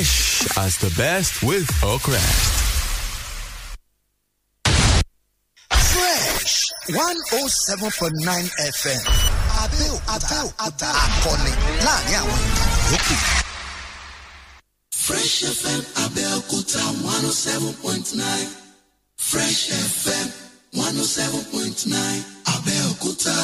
Fresh as the best with Oakrest. Fresh 107.9 FM. Abel, Abel, Abel. Akọni láàrin àwọn ìkànnì Fresh FM Abel Kuta, 107.9. Fresh FM 107.9 Abel Kuta.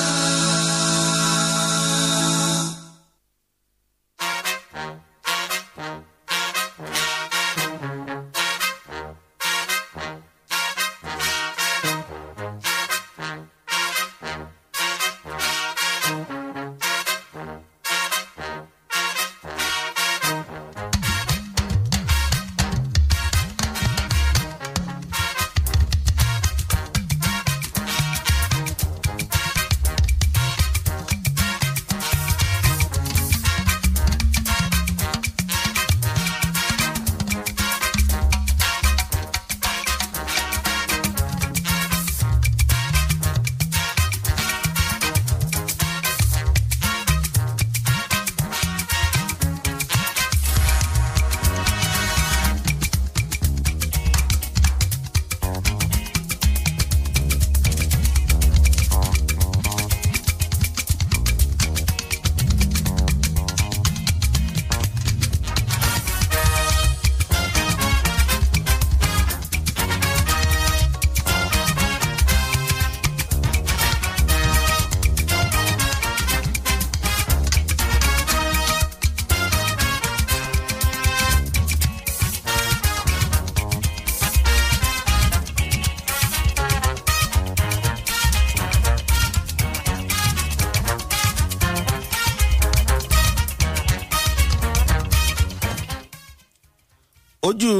ojú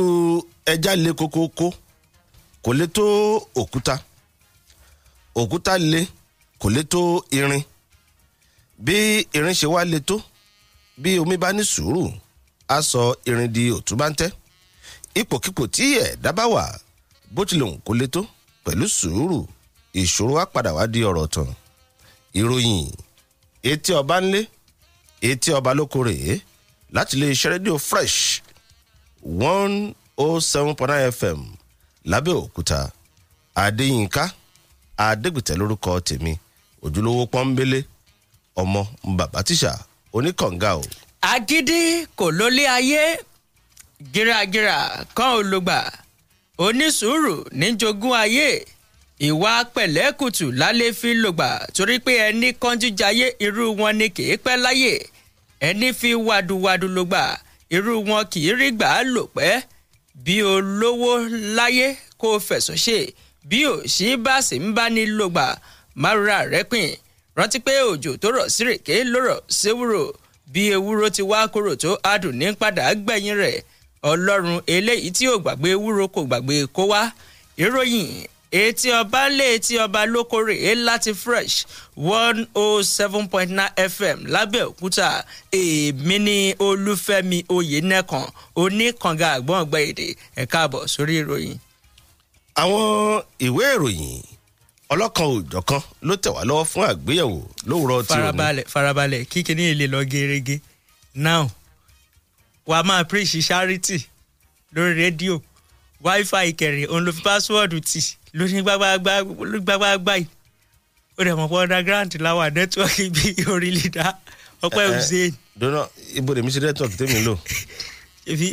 ẹja le kokoko kò le tó òkúta òkúta le kò le tó irin bí irin ṣe wá le tó bí omi bá ní sùúrù á sọ irin di òtúbáńtẹ́ ipòkípò tí ẹ̀dá bá wà bó tilẹ̀ kò le tó pẹ̀lú sùúrù ìṣòro á padà wá di ọ̀rọ̀ tán ìròyìn etí ọba ńlé etí ọba lóko rèé láti lè ṣe rédíò fresh one oh seven point fm lábẹ́òkúta adéyínká adégbìtẹ́ lórúkọ tèmi ojúlówó pọ́nbélé ọmọ bàbá tíṣà oníkànga o. agídí kò lólé ayé gíragíra kan ò lògbà onísùúrù níjogún ayé ìwà pẹ̀lẹ́kùtù lálẹ́ fi lògbà torí pé ẹni kánjú jayé irú wọn ni kì í pẹ́ láyé ẹni fi wàdùwàdù lògbà irú wọn kì í rí gbà á lò pẹ́ bí olówó láyé kó fẹ̀sùn ṣe bí òṣì bá sì ń bá ní lògbà márùrà rẹ pin rántí pé òjò tó rọ̀ sírèké ló rọ̀ séwúrò bí ewúro ti wá kúrò tó adùn ní padà gbẹ̀yìn rẹ̀ ọlọ́run eléyìí tí ò gbàgbé ewúro kò gbàgbé kó wá ìròyìn etí ọba lé etí ọba lókòrè eláti fresh one oh seven point nine fm lábẹ́òkúta èmi ní olúfẹ́mi oyènẹ́kan oníkànga àgbọ̀n ọgbà èdè ẹ̀ka àbọ̀ sórí ìròyìn. àwọn ìwé ìròyìn ọlọ́kan òjọ̀kan ló tẹ̀ wá lọ́wọ́ fún àgbéyẹ̀wò lówùrọ̀ tí òun. farabalẹ̀ farabalẹ̀ kíkiní ilé lọ gerege now wàá máa preach charity lórí rédíò wáífà ìkẹrẹ òun ló fi pásíwọ́ọ̀dù tì ló ṣe gbágbágbá yìí ó dẹ̀ mọ̀ pé underground láwà nẹ́tíwọ́ọ̀kì bíi orí lìdá ọpẹ́ eh, eh, hussein. dọ́nà ibo lèmi ṣe nẹ́tíwọ́ọ̀kì tèmi lò. ibi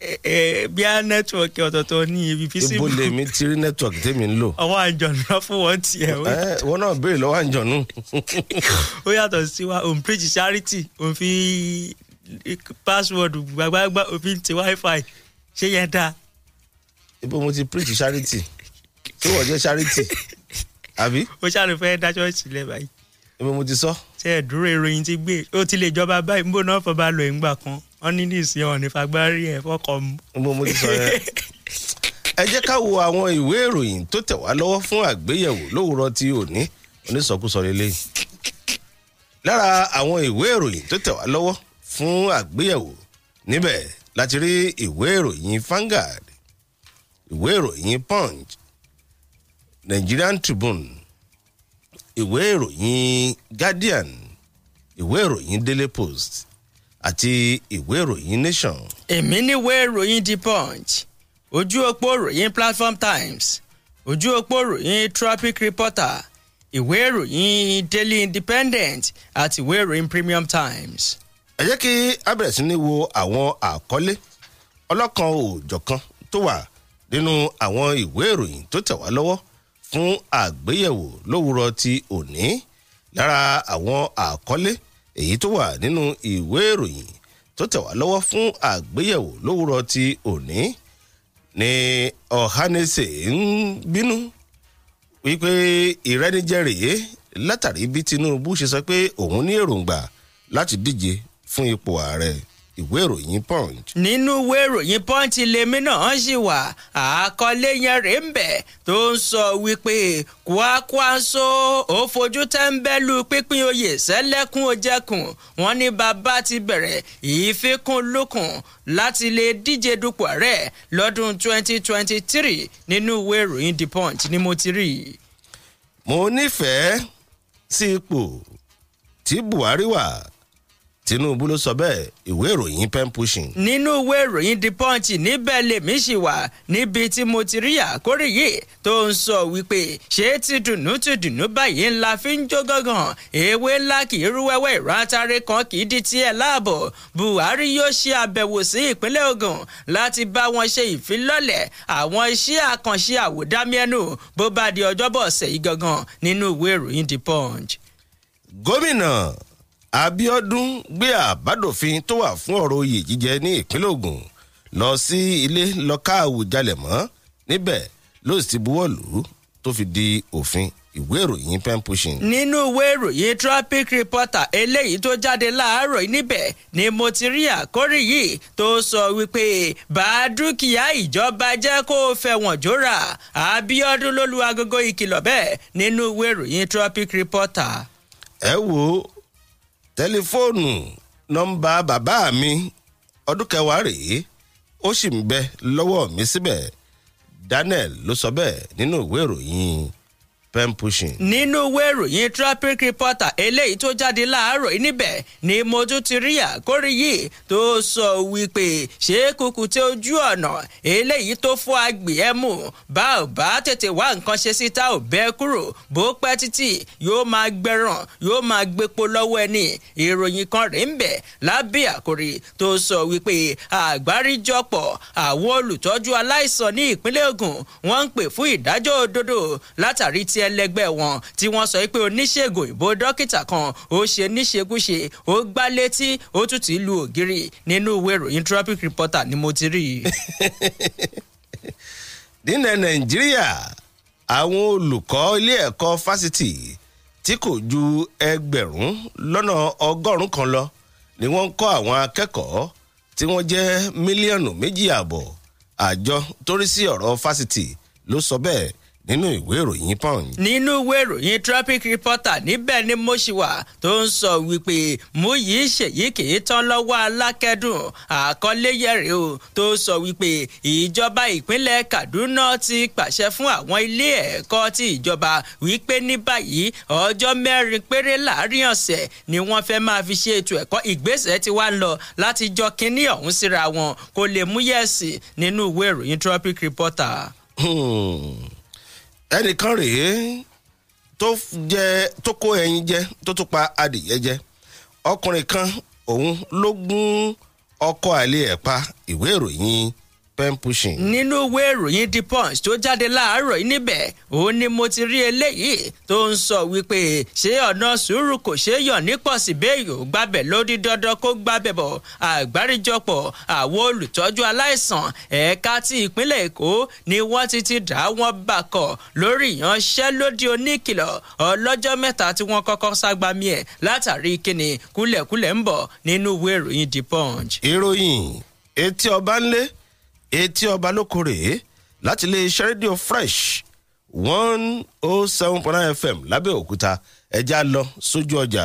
eh, bí a nẹ́tíwọ́ọ̀kì ọ̀tọ̀ọ̀tọ̀ ní ibi fi sí. ibo lèmi ti rí nẹ́tíwọ́ọ̀kì tèmi lò. ọwọ́ àjọ̀nù lọ fún wọn tiẹ̀. wọn náà béèrè lọ́wọ́ àjọ̀nù. ó yàtọ̀ sí wa òun preach charity òun fi password gbàgbàgbà òun ti wifi ṣé yẹn dáa. ibo mo ti preach charity kí wọ́n jẹ́ charity àbí. O ṣàlù fẹ́ dá ṣọ́ọ̀ṣì lẹ̀ báyìí. èmi mo ti sọ. ṣe é dúró ìròyìn ti gbé ó ti lè jọba báyìí nbó náà fọba lọ ìgbà kan wọn ní ní ìsìn ọ̀nì fagbárí ẹ̀ fọkọ̀ mu. nbó mo ti sọ yẹn. ẹ jẹ́ ká wo àwọn ìwé ìròyìn tó tẹ̀ wá lọ́wọ́ fún àgbéyẹ̀wò lówùrọ̀ ti òní onísọkúsọ lélẹ́yìn. lára àwọn ìwé ìròyìn tó tẹ̀ wá lọ́wọ́ fún àgbéyẹ̀wò níbẹ̀ láti rí ìwé ìròyìn Vanguard ìwé ìròyìn Punch Nigerian Tribune ìwé ìròyìn Guardian ìwé ìròyìn Daily Post àti ìwé ìròyìn Nation. èmi níwèé ìròyìn The Punch ojú òpó ìròyìn Platform Times ojú òpó ìròyìn Tropic Reporter ìwé ìròyìn Daily Independent àti ìwé ìròyìn Premium Times. ẹ jẹ́ kí a bẹ̀rẹ̀ wo àwọn àkọlé ọlọ́kan òòjọ̀kan tó wà nínú àwọn ìwé ìròyìn tó tẹ̀ wá lọ́wọ́ fún àgbéyẹ̀wò lówùrọ̀ ti òní lára àwọn àkọlé èyí tó wà nínú ìwé ìròyìn tó tẹ̀ wá lọ́wọ́ fún àgbéyẹ̀wò lówùrọ̀ ti òní ni ọ̀hánẹsẹ̀ ń bínú wípé ìrẹ́nijẹ́ rèé látàrí bí tinubu ṣe sọ pé òun ní èròǹgbà láti díje fún ipò ààrẹ ìwé ìròyìn punch. nínú ìwé ìròyìn punch lèmi náà ṣì wà àkọlé yẹn rèé ń bẹ̀ tó ń sọ wípé Kwankwaso ó fojú tẹ́ńbẹ́lú pínpín oyè sẹ́lẹ̀kùn òjẹ̀kùn wọn ní bàbá ti bẹ̀rẹ̀ ìfikùnlukùn láti lè díje dupò ààrẹ lọ́dún 2023 nínú ìwé ìròyìn the punch ni mo ti rí. mo nífẹ̀ẹ́ sí ipò tí Buhari wà tinubu ló sọ bẹẹ ìwé ìròyìn pen pushing. nínú ìwé ìròyìn the punch níbẹ̀ lèmi ṣì wà níbi tí mo ti rí àkórí yìí tó ń sọ wípé ṣé ti dùnú ti dùnú báyìí ńlá fi ń jó gángan ewé ńlá kì í rú wẹ́wẹ́ ìrántárẹ́ kan kì í di tiẹ̀ láàbọ̀ buhari yóò ṣe àbẹ̀wò sí ìpínlẹ̀ ogun láti bá wọn ṣe ìfilọ́lẹ̀ àwọn iṣẹ́ àkànṣe àwòdámẹ́nu bó bá di ọjọ́bọ̀ ọ̀sẹ̀ yìí gangan nínú ìwé ìròyìn the punch. gómìnà Abíọ́dún gbé àbádòfin tó wà fún ọ̀rọ̀ oyè jíjẹ ní ìpínlẹ̀ Ògùn lọ sí ilé lọ ká Àwùjalẹ̀ mọ́ níbẹ̀ ló sì ti buwọ́ lù ú tó fi di òfin ìwé ìròyìn pen pushing. nínú ìwé ìròyìn traffic reporter eléyìí tó jáde láàárọ̀ níbẹ̀ ni mo ti rí àkórí yìí tó sọ wípé bá dúkìá ìjọba jẹ́ kó o fẹ̀wọ̀n jóra Abíọ́dún ló lu agogo ìkìlọ̀ bẹ́ẹ̀ nínú ìwé ìròyìn traffic reporter. ẹ wo tẹlifóònù nọmba bàbá mi ọdún kẹwàá rèé ó sì ń bẹ lọ́wọ́ mi síbẹ̀ Daniel ló sọ bẹ́ẹ̀ nínú ìwé ìròyìn pen pushing. nínú ìwé ìròyìn traffic reporter eléyìí tó jáde láàárọ̀ níbẹ̀ ni mo tún ti rí àkórí yìí tó sọ wípé ṣé kùkù tí ojú ọ̀nà eléyìí tó fún agbè ẹ mú bá ò bá tètè wá nǹkan ṣe sí tá ò bẹ́ kúrò bó pẹ́ títì yóò máa gbẹ̀ràn yóò máa gbépo lọ́wọ́ ẹni ìròyìn kan rèé ń bẹ̀ lábẹ́ àkórí tó sọ wípé àgbáríjọpọ̀ àwọn olùtọ́jú aláìsàn ní ìpínlẹ̀ Ògùn wọ́n ń pè fún ìdájọ́ òdodo látàrí tí jẹ́ lẹ́gbẹ́ wọn tí wọ́n sọ pé oníṣègùn ìbò dókítà kan ó ṣe níṣekúṣe ó gbá létí ó tún ti lu ògiri nínú ìwé ìròyìn tropic reporter ni mo ti rí i. nílẹ̀ nàìjíríà àwọn olùkọ́ ilé ẹ̀kọ́ fásitì tí kò ju ẹgbẹ̀rún lọ́nà ọgọ́rùn-ún kan lọ ni wọ́n ń kọ́ àwọn akẹ́kọ̀ọ́ tí wọ́n jẹ́ mílíọ̀nù méjì ààbọ̀ àjọ tó sí ọ̀rọ̀ fásitì ló sọ bẹ́ẹ̀ nínú ìwé ìròyìn punch. nínú ìwé ìròyìn traffic reporter níbẹ̀ ni mo ṣì wà tó ń sọ wípé Múyìí Ṣèyí kì í tán lọ́wọ́ alákẹ́dùn àkọlé yẹ̀rẹ̀ o tó sọ wípé ìjọba ìpínlẹ̀ Kaduna ti pàṣẹ fún àwọn ilé ẹ̀kọ́ ti ìjọba wípé ní báyìí ọjọ́ mẹ́rin péré láàrin ọ̀sẹ̀ ni wọ́n fẹ́ máa fi ṣe ètò ẹ̀kọ́ ìgbésẹ̀ tí wá ń lọ láti jọ kínní ọ̀hún síra wọn kó lè mú yẹ̀sì nínú ìwé ìròyìn traffic reporter. Hmm. ẹnìkan rèé tó jẹ tó kó ẹyin jẹ tó tún pa adìyẹ jẹ ọkùnrin kan òun ló gún ọkọ àlè pa ìwé ìròyìn pen pushing. nínú ìwé ìròyìn the punch tó jáde láàárọ̀ yìí níbẹ̀ òun ni mo ti rí eléyìí tó ń sọ wípé ṣé ọ̀nà sùúrù kò ṣeé yàn ní pọ̀sí béèyàn gbàbẹ̀ lórí dandan kó gbàbẹ̀ bọ̀ àgbáríjọpọ̀ àwọn olùtọ́jú aláìsàn ẹ̀ka ti ìpínlẹ̀ èkó ni wọ́n ti ti dá wọn bàkọ̀ lórí ìyanṣẹ́lódì oníkìlọ̀ ọlọ́jọ́ mẹ́ta tí wọ́n kọ́kọ́ ságbami ẹ̀ látàrí kíni kúlẹ̀kúlẹ̀ ń etí ọba lókòrè láti lè ṣe rédíò fresh one oh seven point nine fm lábẹ́òkúta ẹja lọ sójú ọjà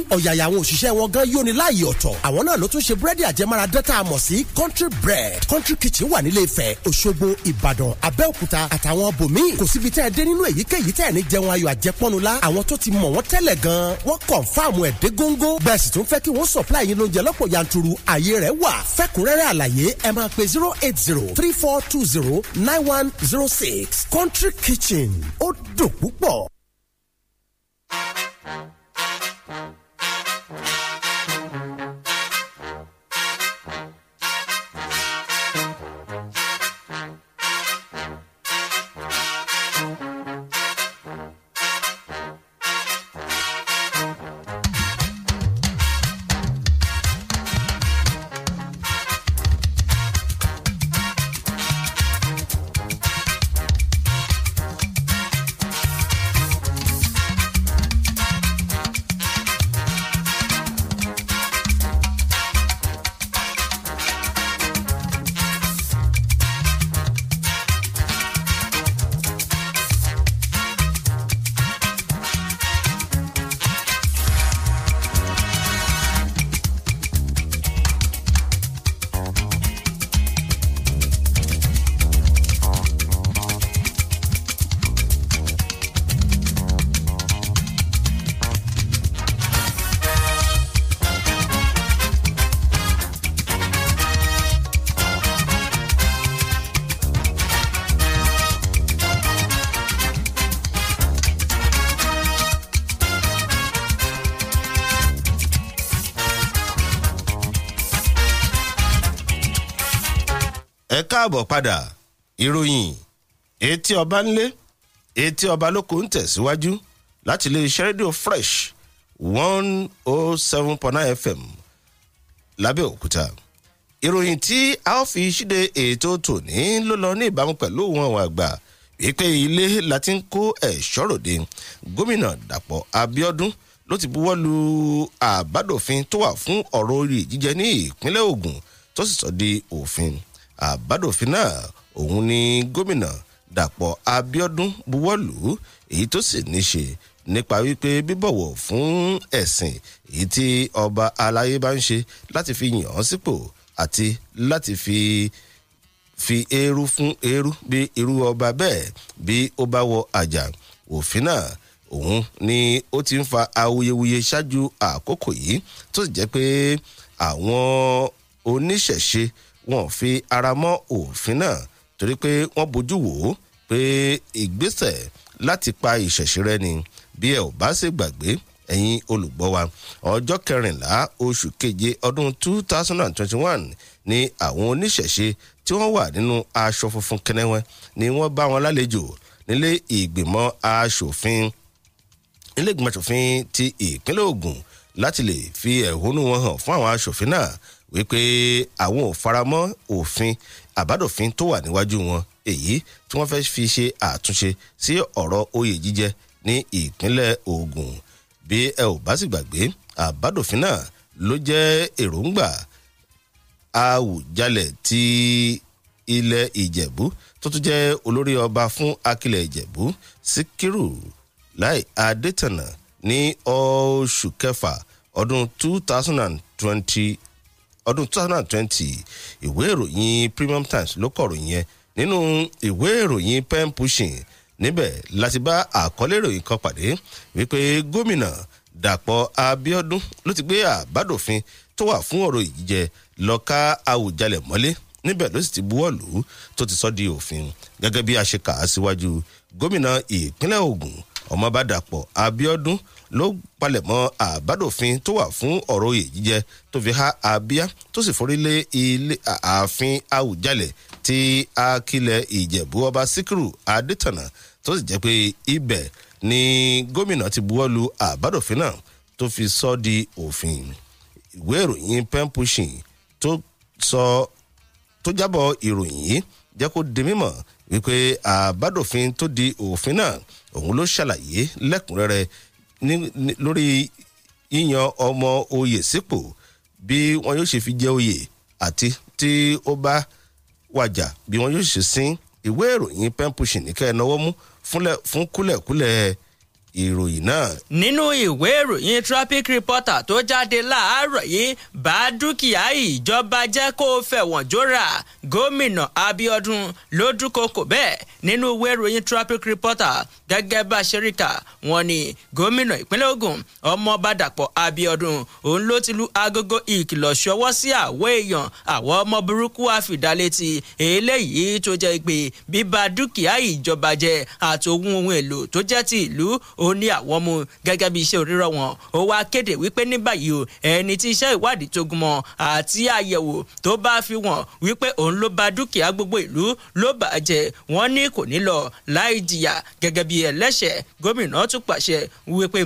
ní ọ̀yàyà àwọn òṣìṣẹ́ wọn gan yóni láàyè ọ̀tọ̀ àwọn náà ló tún ṣe búrẹ́dì àjẹmáradán tá a sí country bread country kitchen wà nílé Ifẹ̀ Òṣogbo Ìbàdàn Abẹ́òkúta àtàwọn bòmíì kò síbi tẹ́ ẹ dé nínú èyíkéyìí tẹ́ ẹ ní jẹun ayọ̀ àjẹpọ́nu la àwọn tó ti mọ̀ wọ́n tẹ́lẹ̀ gan wọ́n kàn fáàmù ẹ̀ dé góńgó bẹ́ẹ̀ sì tún supply yín lóúnjẹ lọ́pọ̀ yanturu àyè rẹ̀ wà fẹ́kúnrẹ́rẹ́ àlàyé zero eight zero three four two zero nine one zero six country kitchen ó Thank you. káàbọ̀ padà ìròyìn etí ọba ńlé etí ọba lóko ń tẹ̀síwájú láti lè ṣe rédíò fresh one oh seven point nine fm lábẹ́òkúta ìròyìn tí a ó fi ṣíde ètò tòní ló lọ ní ìbámu pẹ̀lú òun àwọn àgbà wípé ilé la ti ń kó ẹ̀ṣọ́ ròde gómìnà dàpọ̀ abiodun ló ti buwọ́ lu àbádòfin tó wà fún ọ̀rọ̀ orí jíjẹ ní ìpínlẹ̀ ogun tó sì sọ di òfin àbádòfin náà òun ni gómìnà dàpọ̀ abiodun buwọ́lù èyí tó sì ní ṣe nípa wípé bíbọ̀wọ̀ fún ẹ̀sìn èyí tí ọba aláyé bá ń ṣe láti fi yàn án sípò àti láti fi fi eérú fún eérú bí irú ọba bẹ́ẹ̀ bí ó bá wọ àjà òfin náà òun ni ó ti ń fa awuyewuye ṣáájú àkókò yìí tó sì jẹ́ pé àwọn oníṣẹ̀ṣe wọn ò fi ara mọ́ òfin náà torí pé wọ́n bójú wò ó pé ìgbésẹ̀ láti pa ìṣẹ̀ṣẹ̀ rẹ ni bí ẹ ò bá ṣe gbàgbé ẹ̀yin olùgbọ́ wa ọjọ́ kẹrìnlá oṣù keje ọdún 2021 ni àwọn oníṣẹ̀ṣe tí wọ́n wà nínú aṣọ funfun kẹnẹwẹ́ ni wọ́n bá wọn lálejò nílé ìgbìmọ̀ aṣòfin nílé ìgbìmọ̀ aṣòfin ti ìpínlẹ̀ Ògùn láti lè fi ẹ̀hónú wọn hàn fún àwọn aṣòfin náà wípé àwọn ò faramọ́ òfin àbádòfin tó wà níwájú wọn èyí tí wọ́n fẹ́ fi ṣe àtúnṣe sí ọ̀rọ̀ oyè jíjẹ ní ìpínlẹ̀ Ògùn bí ẹ ò bá sì gbàgbé àbádòfin náà ló jẹ́ èròǹgbà Àwùjalẹ̀ ti ilẹ̀ Ìjẹ̀bú tó tún jẹ́ olórí ọba fún akilẹ̀ Ìjẹ̀bú Síkírù Láì Adétànà ní oṣù kẹfà ọdún two thousand and twenty ọdún 2020 ìwé ìròyìn Premium Times ló kọ̀ròyìn yẹn nínú ìwé ìròyìn pen pushing níbẹ̀ láti bá àkọlé ìròyìn kan pàdé wípé gómìnà Dàpọ̀ Abíọ́dún ló ti gbé àbádòfin tó wà fún ọ̀rọ̀ ìjíjẹ lọ ká Àwùjalẹ̀ mọ́lé níbẹ̀ ló sì ti buwọ́ lù ú tó ti sọ di òfin gẹ́gẹ́ bí a ṣe kà á síwájú gómìnà ìpínlẹ̀ Ògùn ọmọbadàpọ̀ Abíọ́dún ló palẹ̀mọ́ àbádòfin tó wà fún ọ̀rọ̀ oyè jíjẹ tó fi há abíyá tó sì forí lé ilé ààfin àwùjalẹ̀ tí akilẹ̀ ìjẹ̀bú ọba síkírù adétọ̀nà tó sì jẹ́ pé ibẹ̀ ni gómìnà ti buwọ́lu àbádòfin náà tó fi sọ di òfin ìwé ìròyìn pen pushing tó sọ tó jábọ̀ ìròyìn yìí jẹ́ kó di mímọ̀ wípé àbádòfin tó di òfin náà òun ló ṣàlàyé lẹ́kùnrẹ́rẹ́ lórí yíyan ọmọ oyè sípò bí wọn yóò ṣe fi jẹ oyè àti tí ó bá wàjà bí wọn yóò ṣe sin ìwé ìròyìn pen pushing ní kẹ́ ẹ̀ náwó mú fún kúlẹ̀kúlẹ̀ ìròyìn náà. nínú ìwé ìròyìn traffic reporter tó jáde láàárọ̀ yìí bá dúkìá ìjọba jẹ́ kó fẹ̀wọ̀n jóra gómìnà Abíọ́dún ló dúnkokò bẹ́ẹ̀ nínú ìwé ìròyìn traffic reporter gẹ́gẹ́ bá ṣe rí kà wọ́n ní gómìnà ìpínlẹ̀ Ògùn ọmọọba Dàpọ̀ òun ló ti lu agogo ìkìlọ̀ ṣọwọ́ sí àwọ̀ èèyàn àwọn ọmọ burúkú àfìdálétì eléyìí tó jẹ́ pé bíba dúkìá ìjọba jẹ́ àtòhun ohun èlò ó ní àwọn mú gẹ́gẹ́ bí iṣẹ́ òrírọ̀ wọn ó wá kéde wípé ní báyìí o ẹni tí iṣẹ́ ìwádìí tó gúnmọ́ àti àyẹ̀wò tó bá fi wọ́n wípé òun ló ba dúkìá gbogbo ìlú ló bàjẹ́ wọ́n ní kò ní lọ láì jìyà gẹ́gẹ́ bí ẹlẹ́ṣẹ̀ gómìnà tún pàṣẹ wípé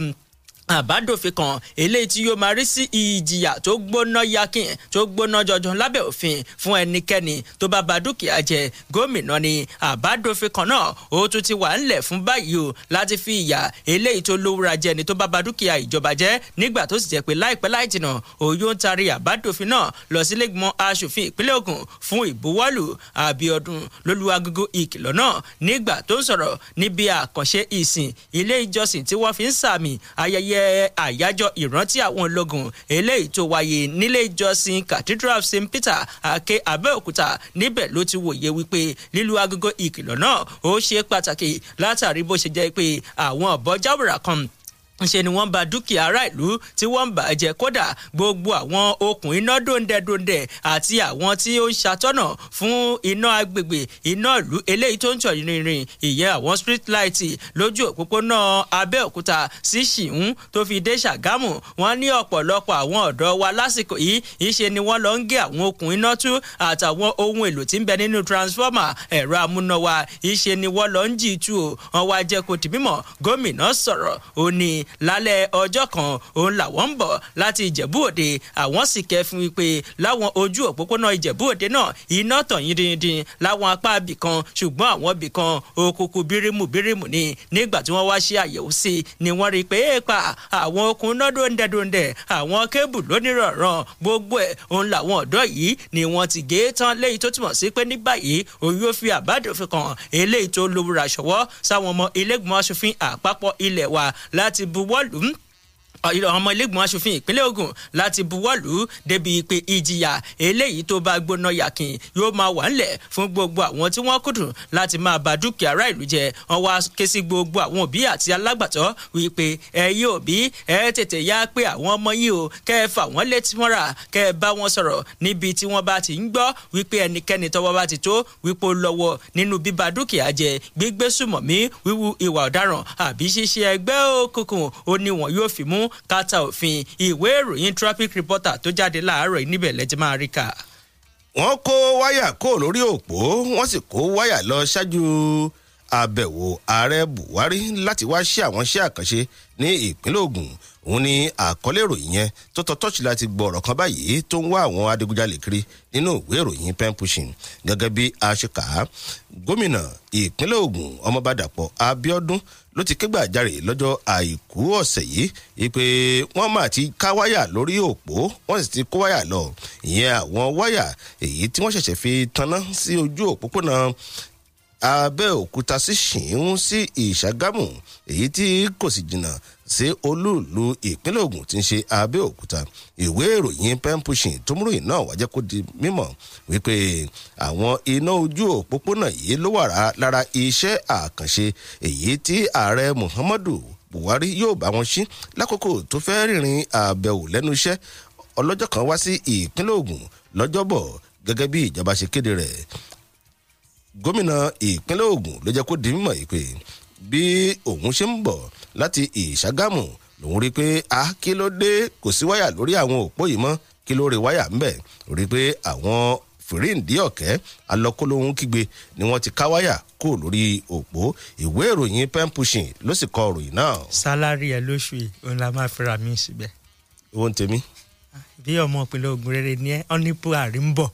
àbádòfin kan eléyìí tí yóò máa rí sí ìjìyà tó gbóná yakin tó gbóná jọjọ lábẹ́ òfin fún ẹnikẹ́ni tó bá ba dúkìá jẹ gómìnà ni àbádòfin kan náà ó tún ti wà ńlẹ̀ fún báyìí o láti fi ìyà eléyìí tó lówúra jẹ ni tó bá ba dúkìá ìjọba jẹ nígbà tó sì jẹ́ pé láìpẹ́ láì jìnà òyò ń taari àbádòfin náà lọ sí lẹ́gbọ̀n aṣòfin ìpínlẹ̀ Ògùn fún ìbuwọ́lù Abíọ́dún lólúwagogo ìkìlọ̀ náà nígbà tó ń sọ̀rọ̀ níbi àkànṣe ìsìn ilé ìjọsìn tí wọ́n fi ń sàmì ayẹyẹ ayẹyẹ àyájọ́ ìrántí àwọn ológun eléyìí tó wáyé nílé ìjọsìn cathedral st peter àkè abẹ́òkúta níbẹ̀ ló ti wòye wípé lílu agogo ìkìlọ̀ náà ó ṣe pàtàkì látàrí bó ṣe jẹ́ pé àwọn ọ̀bọ kan ṣe ni wọ́n ba dúkìá ará ìlú tí wọ́n ń bà jẹ́ kódà gbogbo àwọn okùn iná dòǹdẹ̀dòǹdẹ̀ àti àwọn tí ó ń ṣàtọ́nà fún iná agbègbè iná ìlú eléyìí tó ń tọ̀ rìnrìn ìyẹn àwọn street light lójú òpópónà Abẹ́òkúta sí ṣìhún tó fi dé Ṣàgámù wọ́n ní ọ̀pọ̀lọpọ̀ àwọn ọ̀dọ́ wa lásìkò yìí ìṣe ni wọ́n lọ ń gé àwọn okùn iná tú àtàwọn ohun èlò tí ń lálẹ́ ọjọ́ kan òun làwọn ń bọ̀ láti ìjẹ̀bú òde àwọn sì kẹfún wípé láwọn ojú òpópónà ìjẹ̀bú òde náà iná tàn yíndíndín láwọn apá ibì kan ṣùgbọ́n àwọn ibì kan òkùnkùn bírímù bírímù ni nígbà tí wọ́n wá ṣe àyẹ̀wò sí i ni wọ́n rí i pé èèpà àwọn okùn náà dóńdẹ́dóńdẹ́ àwọn kébù lónírọ̀ràn gbogbo ẹ̀ òun làwọn ọ̀dọ́ yìí ni wọ́n ti gé tán léyìí tó túmọ̀ sí pé ní báyìí òun fi àbádòfin kan eléyìí tó lówó ṣọwọ́ sáwọn ọmọ ilé wa láti the volume ọmọ ilégbìmọ̀ aṣòfin ìpínlẹ̀ Ògùn láti buwọ́lù débi pé ìjìyà eléyìí tó bá gbóná yàkìn yóò máa wà ńlẹ̀ fún gbogbo àwọn tí wọ́n kùdùn láti máa bà dúkìá ará ìlú jẹ́ wọ́n wá ké sí gbogbo àwọn òbí àti alágbàtọ́ wípé ẹ̀yin òbí ẹ tètè yá pé àwọn ọmọ yìí o kẹ́ ẹ fà wọ́n létí mọ́ra kẹ́ ẹ bá wọn sọ̀rọ̀ níbi tí wọ́n bá ti ń gbọ́ wípé ẹnikẹ́ni tọ́wọ́ bá ti tó wípé ó lọ́wọ́ nínú bíba dúkìá jẹ́ gbígbé sùmọ̀mí ìwà ọ̀daràn àbí ṣíṣe ẹgbẹ́ òkùnkùn ó ní wọn yóò fi mú kátà òfin ìwé ìròyìn traffic reporter tó jáde láàárọ̀ yìí níbẹ̀ lẹ́tí máa rí kà. wọ́n kó wáyà kó lórí òpó wọ́n sì kó wáyà lọ ṣáájú àbẹ̀wò ààrẹ buhari láti wá ṣe àwọn iṣẹ́ àkànṣe ní ìpínlẹ̀ Ògùn òun ni àkọlé ìròyìn yẹn tó tọ́ tọ́ọ̀ṣì láti gbọ́ ọ̀rọ̀ kan báyìí tó ń wá àwọn adigunjalè kiri nínú ìwé ìròyìn pen pushing gẹ́gẹ́ bí a ṣe kà á gómìnà ìpínlẹ̀ Ògùn ọmọọba Dàpọ̀ Abíọ́dún ló ti kégbà járe lọ́jọ́ àìkú ọ̀sẹ̀ yìí wípé wọ́n máa ti ká wáyà lórí òpó wọ́n sì ti kó wáyà lọ ìyẹn àwọn wáyà èyí tí wọ́n ṣẹ̀ṣẹ̀ fi tanná sí ojú òpópónà abẹ́òkúta sí ṣìún sí ìṣàgámù èyí tí kò sì jìnnà sí olúùlú ìpínlẹ̀ ogun tí ń ṣe abẹ́òkúta ìwé ìròyìn pen pushing tó múròyìn náà wájẹ́ kó di mímọ̀ wípé àwọn iná ojú òpópónà yìí ló wà lára iṣẹ́ àkànṣe èyí tí ààrẹ muhammadu buhari yóò bá wọn ṣí lákòókò tó fẹ́ rìnrìn àbẹ̀wò lẹ́nu iṣẹ́ ọlọ́jọ́ kan wá sí ìpínlẹ̀ ogun lọ́jọ́bọ̀ gẹ́gẹ́ bí ìjọba ṣe kéde rẹ̀ gómìnà ìpínlẹ̀ Ògùn ló jẹ́ kó di mímọ̀ yìí pé bí òun ṣe ń bọ̀ láti ìṣàgámù lòun rí pé a kí ló dé kò sí wáyà lórí àwọn òpó yìí mọ́ kí ló rí wáyà ń bẹ rí pé àwọn fìrìǹdì ọ̀kẹ́ alọ́kọ́lóhun kígbe ni wọ́n ti ká wáyà kó lórí òpó ìwé ìròyìn pen pushing ló sì kọ ìròyìn náà. sálárì ẹ lóṣù yìí òun la máa fira mi síbẹ̀. owó ń tèmi. Ah, bí ọmọ ìpínlẹ̀ Ògùn rere ni ẹ ọ́ àrí ń bọ̀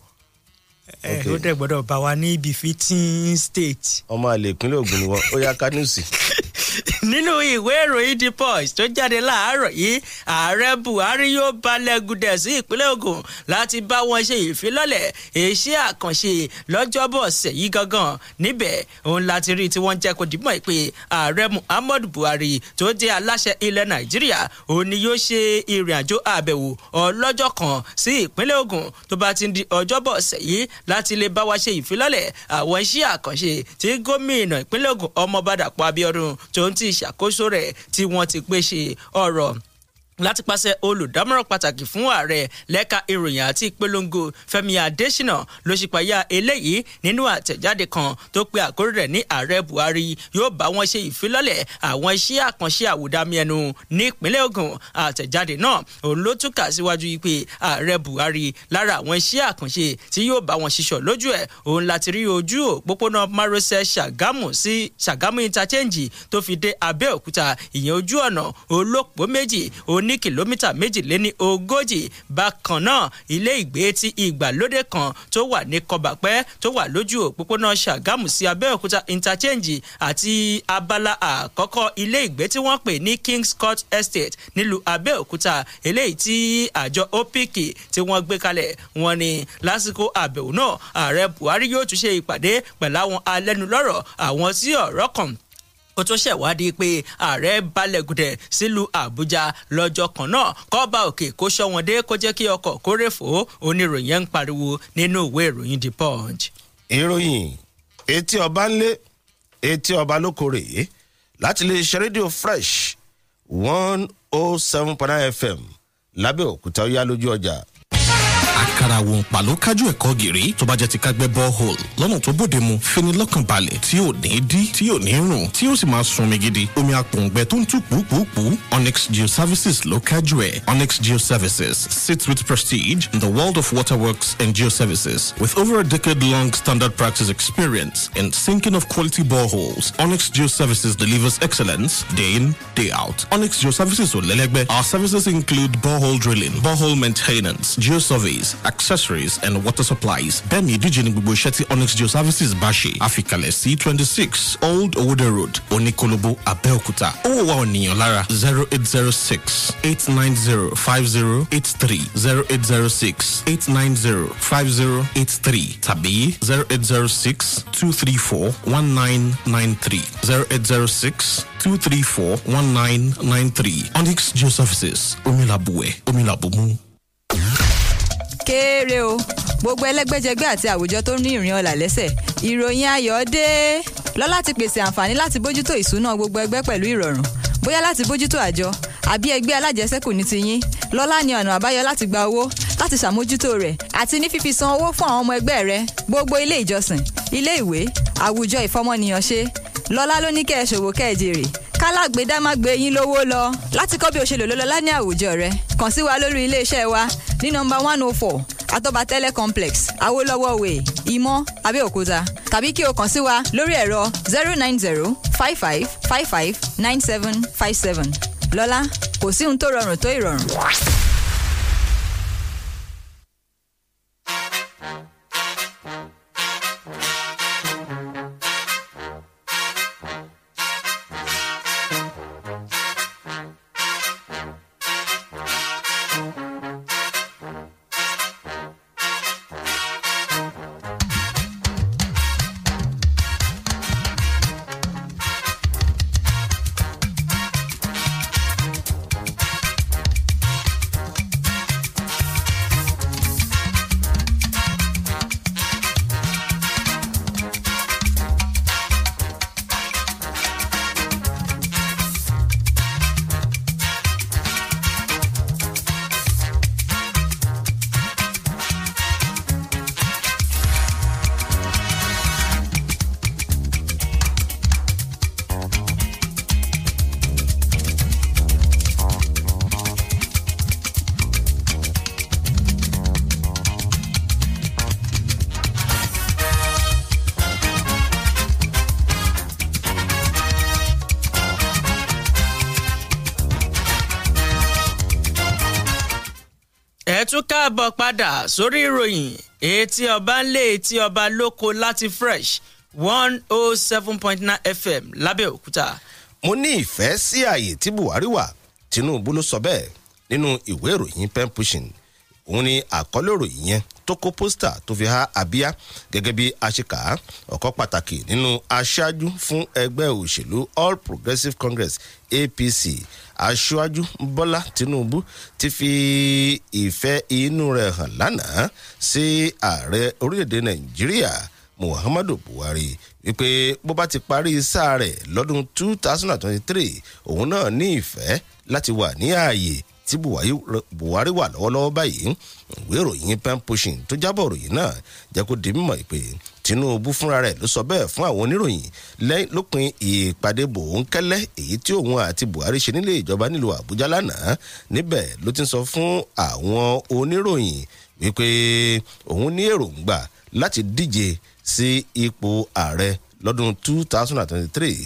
Eh, ó dẹ̀ gbọ́dọ̀ bá wa ní ibi fifteen state. ọmọ àlè ìpínlẹ̀ Ògùn ni wọ́n ó yá kánúùsì. nínú ìwé ìròyìn the punch tó jáde láàárọ̀ yìí ààrẹ buhari yóò balẹ̀ gudẹ̀ sí ìpínlẹ̀ ogun láti bá wọn ṣe ìfilọ́lẹ̀ iṣẹ́ àkànṣe lọ́jọ́bọ̀ ọ̀sẹ̀ yìí gangan níbẹ̀ òun láti rí tí wọ́n jẹ́ kó dìbò pé ààrẹ muhammadu buhari tó jẹ́ aláṣẹ ilẹ̀ nàìjíríà òun ni yóò ṣe ìrìnàjò àbẹ̀wò ọlọ́jọ́ kan sí ìpínlẹ̀ ogun tó bá ti di ọjọ́bọ̀ ọ̀sẹ̀ yìí láti lè bá wa ṣe ìfilọ́lẹ̀ àwọn iṣẹ́ àkànṣe tí gómìnà ìpínlẹ̀ ogun ọmọbadàpọ̀ abiodun tó ń ti ṣ ìṣàkóso rẹ̀ tí wọ́n ti pèsè ọ̀rọ̀ láti pàṣẹ olùdámọ̀ràn pàtàkì fún ààrẹ lẹ́ka ìròyìn àti ìpolongo Fẹ́mi Adésínà ló ṣípayá eléyìí nínú àtẹ̀jáde kan tó pe àkórí rẹ̀ ní ààrẹ Buhari yóò bá wọn ṣe ìfilọ́lẹ̀ àwọn iṣẹ́ àkànṣe àwòdámẹ́nu nípínlẹ̀ Ògùn àtẹ̀jáde náà òun ló túkà síwájú pé ààrẹ Buhari lára àwọn iṣẹ́ àkànṣe tí yóò bá wọn ṣiṣọ́ lójú ẹ̀ òun láti rí ojú òpópónà márosẹ̀ Ṣàgámù sí Ṣàgámù ní kìlómítà méjìléní ogójì bákan náà ilé ìgbé ti ìgbàlódé kan tó wà ní kọbàpẹ́ tó wà lójú òpópónà ṣàgámù sí abẹ́òkúta interchange àti abala àkọ́kọ́ ilé ìgbé tí wọ́n pè ní kings court estate nílùú abẹ́òkúta eléyìí tí àjọ opic tí wọ́n gbé kalẹ̀ wọ́n ní lásìkò àbẹ̀wò náà ààrẹ buhari yóò tún ṣe ìpàdé pẹ̀láwọn alẹ́nulọ́rọ̀ àwọn sí ọ̀rọ̀ kan ó tún ṣèwádìí pé ààrẹ balẹ̀ gùdẹ̀ sílùú àbújá lọ́jọ́ kan náà kọ́ba òkè kó ṣọ́ wọn dé kó jẹ́ kí ọkọ̀ kórè fò ó oníròyìn ẹ̀ ń pariwo nínú ìwé ìròyìn the punch. ìròyìn etí ọba ńlé etí ọba lókòrè láti lè ṣe rédíò fresh one oh seven point nine fm lábẹ́òkúta ó yá lójú ọjà àkàrà àwọn òǹpà ló kájú ẹ̀kọ́ gìrì tó bá jẹ́ ti kágbẹ́ borehole lọ́nà tó bóde mu fini lọ́kàn balẹ̀ tí ò ní dí tí ò ní rùn tí ó sì máa sunmi gidi omi apòǹgbẹ tó ń tú pùpùpù Onyx Geoservices ló kájú ẹ̀ Onyx Geoservices sits with prestige in the world of waterworks and geoservices with over a decade-long standard practice experience in sinking of quality boreholes Onyx Geoservices delivers excellence day in day out Onyx Geoservices ò lẹ́lẹ́gbẹ́ our services include borehole drilling borehole maintenance geosurveys accessories, and water supplies. Bemi Dijini Bubosheti Onyx Geo Services Bashi, Afikale C26, Old Oda Road, Onikolobo, Abeokuta. Owo Oniolara 0806 890 5083 0806 890 5083 Tabi 0806 234 1993 0806 234 1993 Onyx Geo Services Omilabue kéré o gbogbo ẹlẹ́gbẹ́jẹgbẹ́ àti àwùjọ tó ní ìrìn ọlà lẹ́sẹ̀ ìròyìn ayọ̀ dé lọ́lá ti pèsè àǹfààní láti bójútó ìsúná gbogbo ẹgbẹ́ pẹ̀lú ìrọ̀rùn bóyá láti bójútó àjọ àbí ẹgbẹ́ alájẹsẹ́kù ní tiyín lọ́lá ni ọ̀nà àbáyọ láti gba owó láti ṣàmójútó rẹ̀ àti ní fífi san owó fún àwọn ọmọ ẹgbẹ́ rẹ gbogbo ilé ìjọsìn ilé ìwé àwùjọ ìfọmọnìyàn ṣe ló ní kẹ́ ẹ ṣòwò kẹ́ ẹ jèrè kálàgbédá má gbé yín lówó lọ láti kọ́ bí o ṣe lò lọ́lọ́lá ní àwùjọ rẹ kàn sí wa lórí iléeṣẹ́ wa ní nọ́mbà one oh four atọ́batẹ́lẹ̀ complex awolowo way ìmọ̀ abẹ́òkúta tàbí kí o kàn sí wa lórí ẹ̀rọ zero nine zero five five five five nine seven five seven lọ́lá kò sí ohun tó rọrùn tó ìrọ̀rùn. káàbọ̀ padà sórí ìròyìn etí ọba lé etí ọba lóko láti fresh one oh seven point nine fm lábẹ́òkúta. mo ní ìfẹ́ sí ààyè tí buhari wà tinubu ló sọ bẹ́ẹ̀ nínú ìwé ìròyìn pen pushing òun ni àkọlé ìròyìn yẹn tó kó pósítà tó fi há àbíyá gẹ́gẹ́ bí aṣíkà ọ̀kọ́ pàtàkì nínú aṣáájú fún ẹgbẹ́ òṣèlú all progressives congress apc aṣáájú bọ́lá tinubu ti fi ìfẹ́ inú rẹ̀ hàn lánàá sí ààrẹ orílẹ̀-èdè nàìjíríà muhammadu buhari wípé bó bá ti parí sáà rẹ̀ lọ́dún 2023 òun náà ní ìfẹ́ láti wà ní ààyè tí buhari wà lọ́wọ́lọ́wọ́ báyìí ìwé ìròyìn pen pushing tó jábọ̀ ròyìn náà jẹ́ kó di mímọ̀ pé tinubu fúnra rẹ̀ ló sọ bẹ́ẹ̀ fún àwọn oníròyìn lópin ìpàdé bòńkẹ́lẹ́ èyí tí òun àti buhari ṣe nílé ìjọba nílùú àbújá lánàá níbẹ̀ ló ti ń sọ fún àwọn oníròyìn wípé òun ní èròǹgbà láti díje sí ipò ààrẹ lọ́dún 2023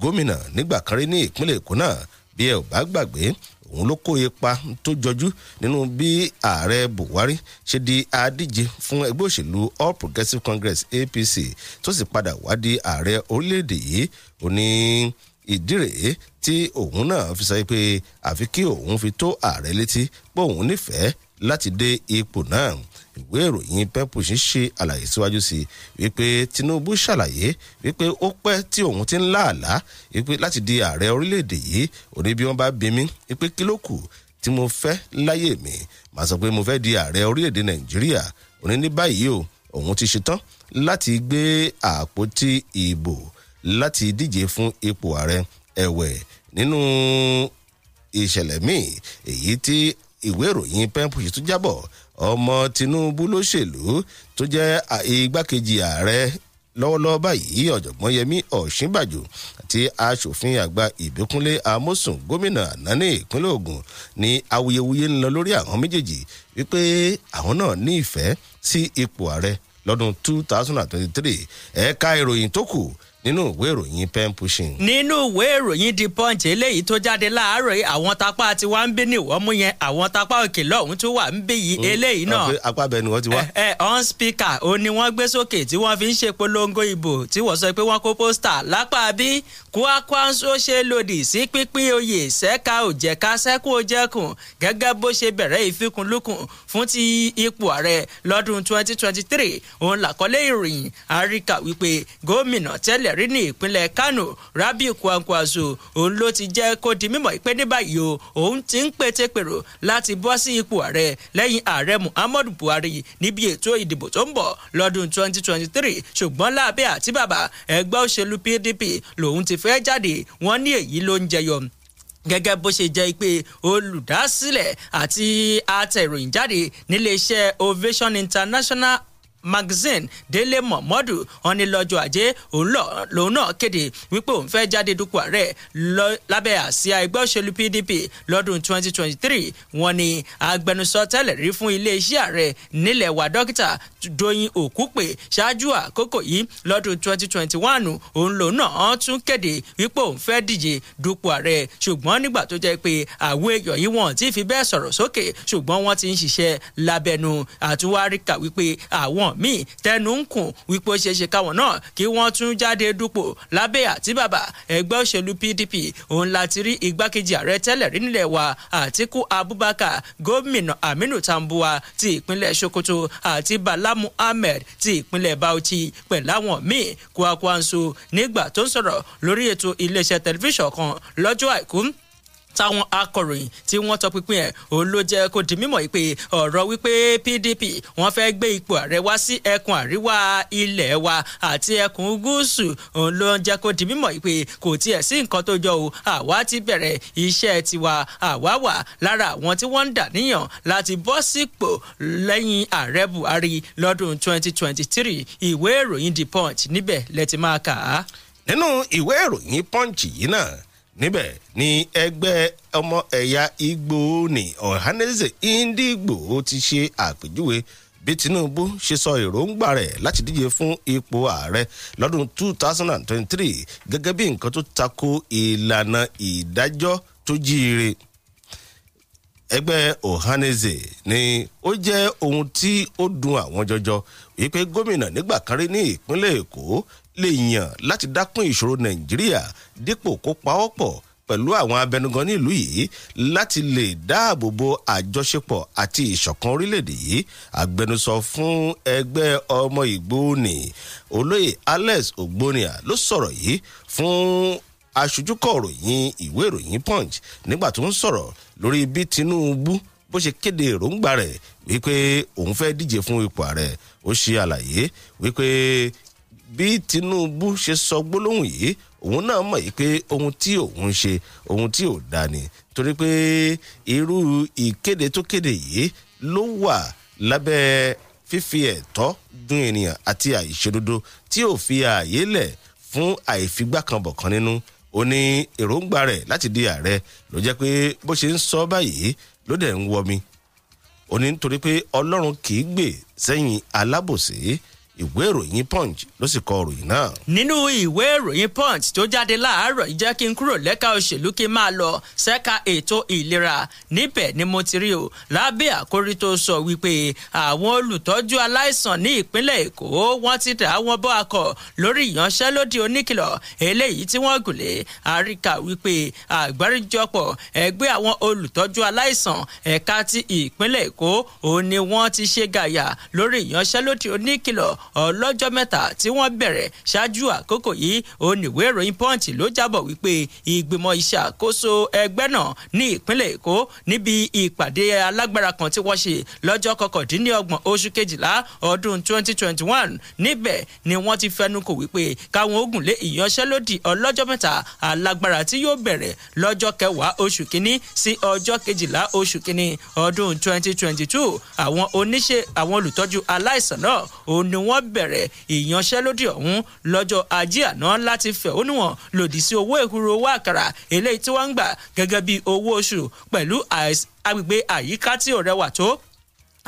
gómìnà nígbà kan rí ní ìpínlẹ̀ èkó náà bí ẹ ò bá gbàgbé òun ló kó ipa tó jọjú nínú bí ààrẹ buhari ṣe di adíje fún ẹgbẹ́ òṣèlú all progressives congress apc tó sì padà wá di ààrẹ orílẹ̀-èdè yìí ó ní ìdí rèé tí òun náà fi sọ pé àfi kí òun fi tó ààrẹ létí pé òun nífẹ̀ẹ́ láti dé ipò náà ìwé ìròyìn Peoples ṣe àlàyé síwájú sí wípé Tinubu ṣàlàyé wípé ó pẹ́ tí òun ti ń láàlá wípé láti di ààrẹ orílẹ̀ yìí òní bí wọ́n bá bí mi wípé kí ló kù tí mo fẹ́ láyé mi màá sọ pé mo fẹ́ di ààrẹ orílẹ̀ Nàìjíríà òní ní báyìí o òun ti ṣetán láti gbé àpótí ìbò láti díje fún ipò ààrẹ ẹ̀wẹ̀ nínú ìṣẹ̀lẹ̀ míì èyí tí ìwé ìròyìn Peoples tún jábọ̀ ọmọ tinubu lóṣèlú tó jẹ́ igbákejì ààrẹ lọ́wọ́lọ́wọ́ báyìí ọ̀jọ̀gbọ́n yẹmi ọ̀ṣínbàjò àti asòfin àgbà ìbíkúnlé amósùn gómìnà àná ní ìpínlẹ̀ ogun ní awuyewuye ń lọ lórí àwọn méjèèjì wípé àwọn náà ní ìfẹ́ sí ipò ààrẹ lọ́dún 2023 ẹ̀ka ìròyìn tó kù nínú ìwé ìròyìn pen pushing. nínú ìwé ìròyìn the punch eléyìí tó jáde láàárọ̀ yìí àwọn tapá ti wá ń bí ní ìwọ́mú yẹn àwọn tapá òkè lọ́hún tó wà ń bí yìí mm. eléyìí náà. apá bẹ́ẹ̀ ni wọ́n ti wá. ẹ eh, ẹ eh, on speaker ó ní wọ́n gbé sókè tí wọ́n fi ń ṣe polongo ìbò tí wọ́n sọ pé wọ́n kó pósítà lápá bí Kwankwaso ṣe lòdì sí pínpín oyè ṣẹ́ka òjẹ̀ka ṣẹ́kù òjẹ̀kùn gẹ́gẹ́ bó ṣe bẹ̀rẹ̀ ìfikùnlukùn fún ti ipò ààrẹ lọ́dún 2023 òun làkọ́lé ìròyìn àríkà wípé gómìnà tẹ́lẹ̀ tẹ́lẹ̀ rí ní ìpínlẹ̀ Kánò Rabiu Kwankwaso òun ló ti jẹ́ kó di mímọ̀ pé ní báyìí o òun ti ń pétépèrò láti bọ́ sí ipò ààrẹ lẹ́yìn ààrẹ Muhammadu Buhari níbi ètò ìdìbò tó ń bọ̀ lọ́dún 2023 ṣùgbọ́n lábẹ́ àti bàbá ẹgbẹ́ òṣèlú PDP lòun ti fẹ́ jáde wọ́n ní èyí ló ń jẹyọ gẹ́gẹ́ bó ṣe jẹ́ pé olùdásílẹ̀ àti atẹ̀ròyìnjáde níléeṣẹ́ Ovation International magazine délé mọ̀mọ́dù wọn ní lọ́jọ́ ajé òun náà kéde wípé òun fẹ́ jáde dupò ààrẹ lábẹ́ àsíá ẹgbẹ́ òṣèlú pdp lọ́dún 2023 wọn ni agbẹnusọ tẹ́lẹ̀ rí fún iléeṣẹ́ ààrẹ nílẹ̀ wa dókítà doyin òkúpè ṣáájú àkókò yìí lọ́dún 2021 òun lòun náà tún kéde wípé òun fẹ́ díje dupò ààrẹ ṣùgbọ́n nígbà tó jẹ́ pé àwọn èèyàn yìí wọ́n ti fi bẹ́ẹ̀ sọ̀rọ̀ sókè ṣùgbọ́n wọ́n ti ń ṣiṣẹ́ lábẹ́nu àtúwárí kà wípé àwọn míì tẹnu ń kùn wípé ó ṣeé ṣe káwọn náà kí wọ́n tún jáde dúpò lábẹ́ àti bàbá ẹgbẹ́ òṣèlú pdp òun láti rí igbákejì ààrẹ tẹ́lẹ̀ rí nílẹ̀ wa àtiku abubakar gómìnà aminu tambuwa ti ìpínlẹ̀ sokoto àti bala muhammed ti ìpínlẹ̀ bauchi pẹ̀láwọn míì kwakwanso nígbà tó ń sọ̀rọ̀ lórí ètò iléeṣẹ́ tẹlifíṣàn kan lọ́jọ́ àìkú táwọn akọ̀ròyìn tí wọ́n tọpinpin ẹ̀ òun ló jẹ́ kó di mímọ̀ yìí pé ọ̀rọ̀ wípé PDP wọ́n fẹ́ gbé ipò ààrẹ wá sí ẹkùn àríwá ilẹ̀ wa àti ẹkùn gúúsù òun ló ń jẹ́ kó di mímọ̀ yìí pé kò tiẹ̀ sí nǹkan tó jọ o àwa ti bẹ̀rẹ̀ iṣẹ́ tiwa àwa wà lára àwọn tí wọ́n ń dà níyàn láti bọ́ sípò lẹ́yìn ààrẹ Buhari lọ́dún 2023 ìwé ìròyìn The Punch níbẹ̀ lẹ ti máa kà á. nínú ìwé ìròyìn Punch yìí náà níbẹ̀ ni ẹgbẹ́ ọmọ ẹ̀yà Ìgbò ni Ohanaeze Ndigbo ti ṣe àpèjúwe bí Tinubu ṣe sọ èròǹgbà rẹ̀ láti díje fún ipò ààrẹ lọ́dún 2023 gẹ́gẹ́ bí nǹkan tó tako ìlànà ìdájọ́ tó jíire ẹgbẹ́ Ohanaeze ni ó jẹ́ ohun tí ó dùn àwọn jọjọ wípé gómìnà nígbà kan rí ní ìpínlẹ̀ Èkó lè yàn láti dákún ìṣòro nàìjíríà dípò kó pawọ́ pọ̀ pẹ̀lú àwọn abẹnugan nílùú yìí láti lè dáàbò bo àjọṣepọ̀ àti ìṣọ̀kan orílẹ̀-èdè yìí agbẹnusọ fún ẹgbẹ́ ọmọ ìgbóni olóyè alex ogbonia ló sọ̀rọ̀ yìí fún aṣojúkọ̀ ìròyìn ìwé ìròyìn punch nígbà tó ń sọ̀rọ̀ lórí bí tinubu bó ṣe kéde èròǹgbà rẹ̀ wípé òun fẹ́ díje fún ipò ààrẹ ó ṣe àlàyé wípé bí Tinubu ṣe sọ gbólóhùn yìí òun náà mọ̀ yìí pé ohun tí òun ṣe ohun tí ò dá ni torí pé irú ìkéde tó kéde yìí ló wà lábẹ́ fífi ẹ̀tọ́ dún ènìyàn àti àìṣedodo tí ò fi ààyè lẹ̀ fún àìfigbákanbọ̀kan nínú ó ní èròǹgbà rẹ̀ láti di ààrẹ ló jẹ́ pé bó ṣe ń sọ báyìí ló dẹ̀ ń wọmi ó ní nítorí pé ọlọ́run kì í gbè sẹ́yìn alábòsí ìwé ìròyìn punch ló sì kọ ìròyìn náà. nínú ìwé ìròyìn punch tó jáde láàárọ̀ ìjẹ́ kí n kúrò lẹ́ka òṣèlú kí n máa lọ ṣẹ́ka ètò ìlera níbẹ̀ ni mo ti rí o lábẹ́ àkórí tó sọ wípé àwọn olùtọ́jú aláìsàn ní ìpínlẹ̀ èkó wọ́n ti dà wọ́n bọ́ akọ lórí ìyanṣẹ́lódì oníkìlọ̀ eléyìí tí wọ́n gùnlé àríkà wípé àgbáríjọpọ̀ ẹgbẹ́ àwọn olùtọ́jú aláìsàn ẹ̀ka ti ìpínlẹ̀ èkó òun ni wọ́n ti ṣe ọlọ́jọ́ mẹ́ta tí wọ́n bẹ̀rẹ̀ ṣáájú àkókò yìí oníwé ìròyìn punch ló jábọ̀ wípé ìgbìmọ̀ iṣẹ́ àkóso ẹgbẹ́ náà ní ìpínlẹ̀ èkó níbi ìpàdé alágbára kan tí wọ́n ṣe lọ́jọ́ kọkàndínlọ́gbọ̀n oṣù kejìlá ọdún 2021 níbẹ̀ ni wọ́n ti fẹnukò wípé káwọn ogun lé ìyanṣẹ́lódì ọlọ́jọ́ mẹ́ta alágbára tí yóò bẹ̀rẹ̀ lọ́jọ́ kẹwàá oṣù kínní sí ọjọ́ kejìlá oṣù kínní ọdún 2022 àwọn oníṣe àwọn olùtọ́jú aláìsàn náà òun ni wọ́n kọ́kọ́ bẹ̀rẹ̀ ìyanṣẹ́lódì ọ̀hún lọ́jọ́ ajé àná láti fẹ̀hónú hàn lòdì sí owó ìkúrò owó àkàrà eléyìí tí wọ́n ń gbà gẹ́gẹ́ bí owó oṣù pẹ̀lú àìsàn àyíká tí ò rẹwà tó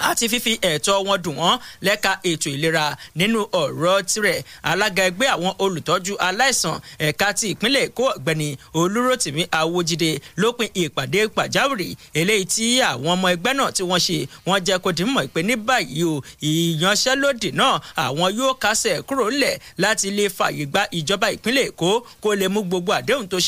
àti fífi ẹ̀tọ́ wọn dùn wọ́n lẹ́ka ètò ìlera nínú ọ̀rọ̀ tirẹ̀ alága ẹgbẹ́ àwọn olùtọ́jú aláìsàn ẹ̀ka ti ìpínlẹ̀ èkó ọ̀gbẹ́ni olúrótìmí awójídé lópin ìpàdé pàjáwìrì eléyìí tí àwọn ọmọ ẹgbẹ́ náà tí wọ́n ṣe wọ́n jẹ́ kó di mọ̀ pé ní báyìí o ìyanṣẹ́lódì náà àwọn yóò kásẹ̀ kúrò ńlẹ̀ láti lè fààyè gba ìjọba ìpínlẹ̀ èkó kó lè mú gbogbo àdéhùn tó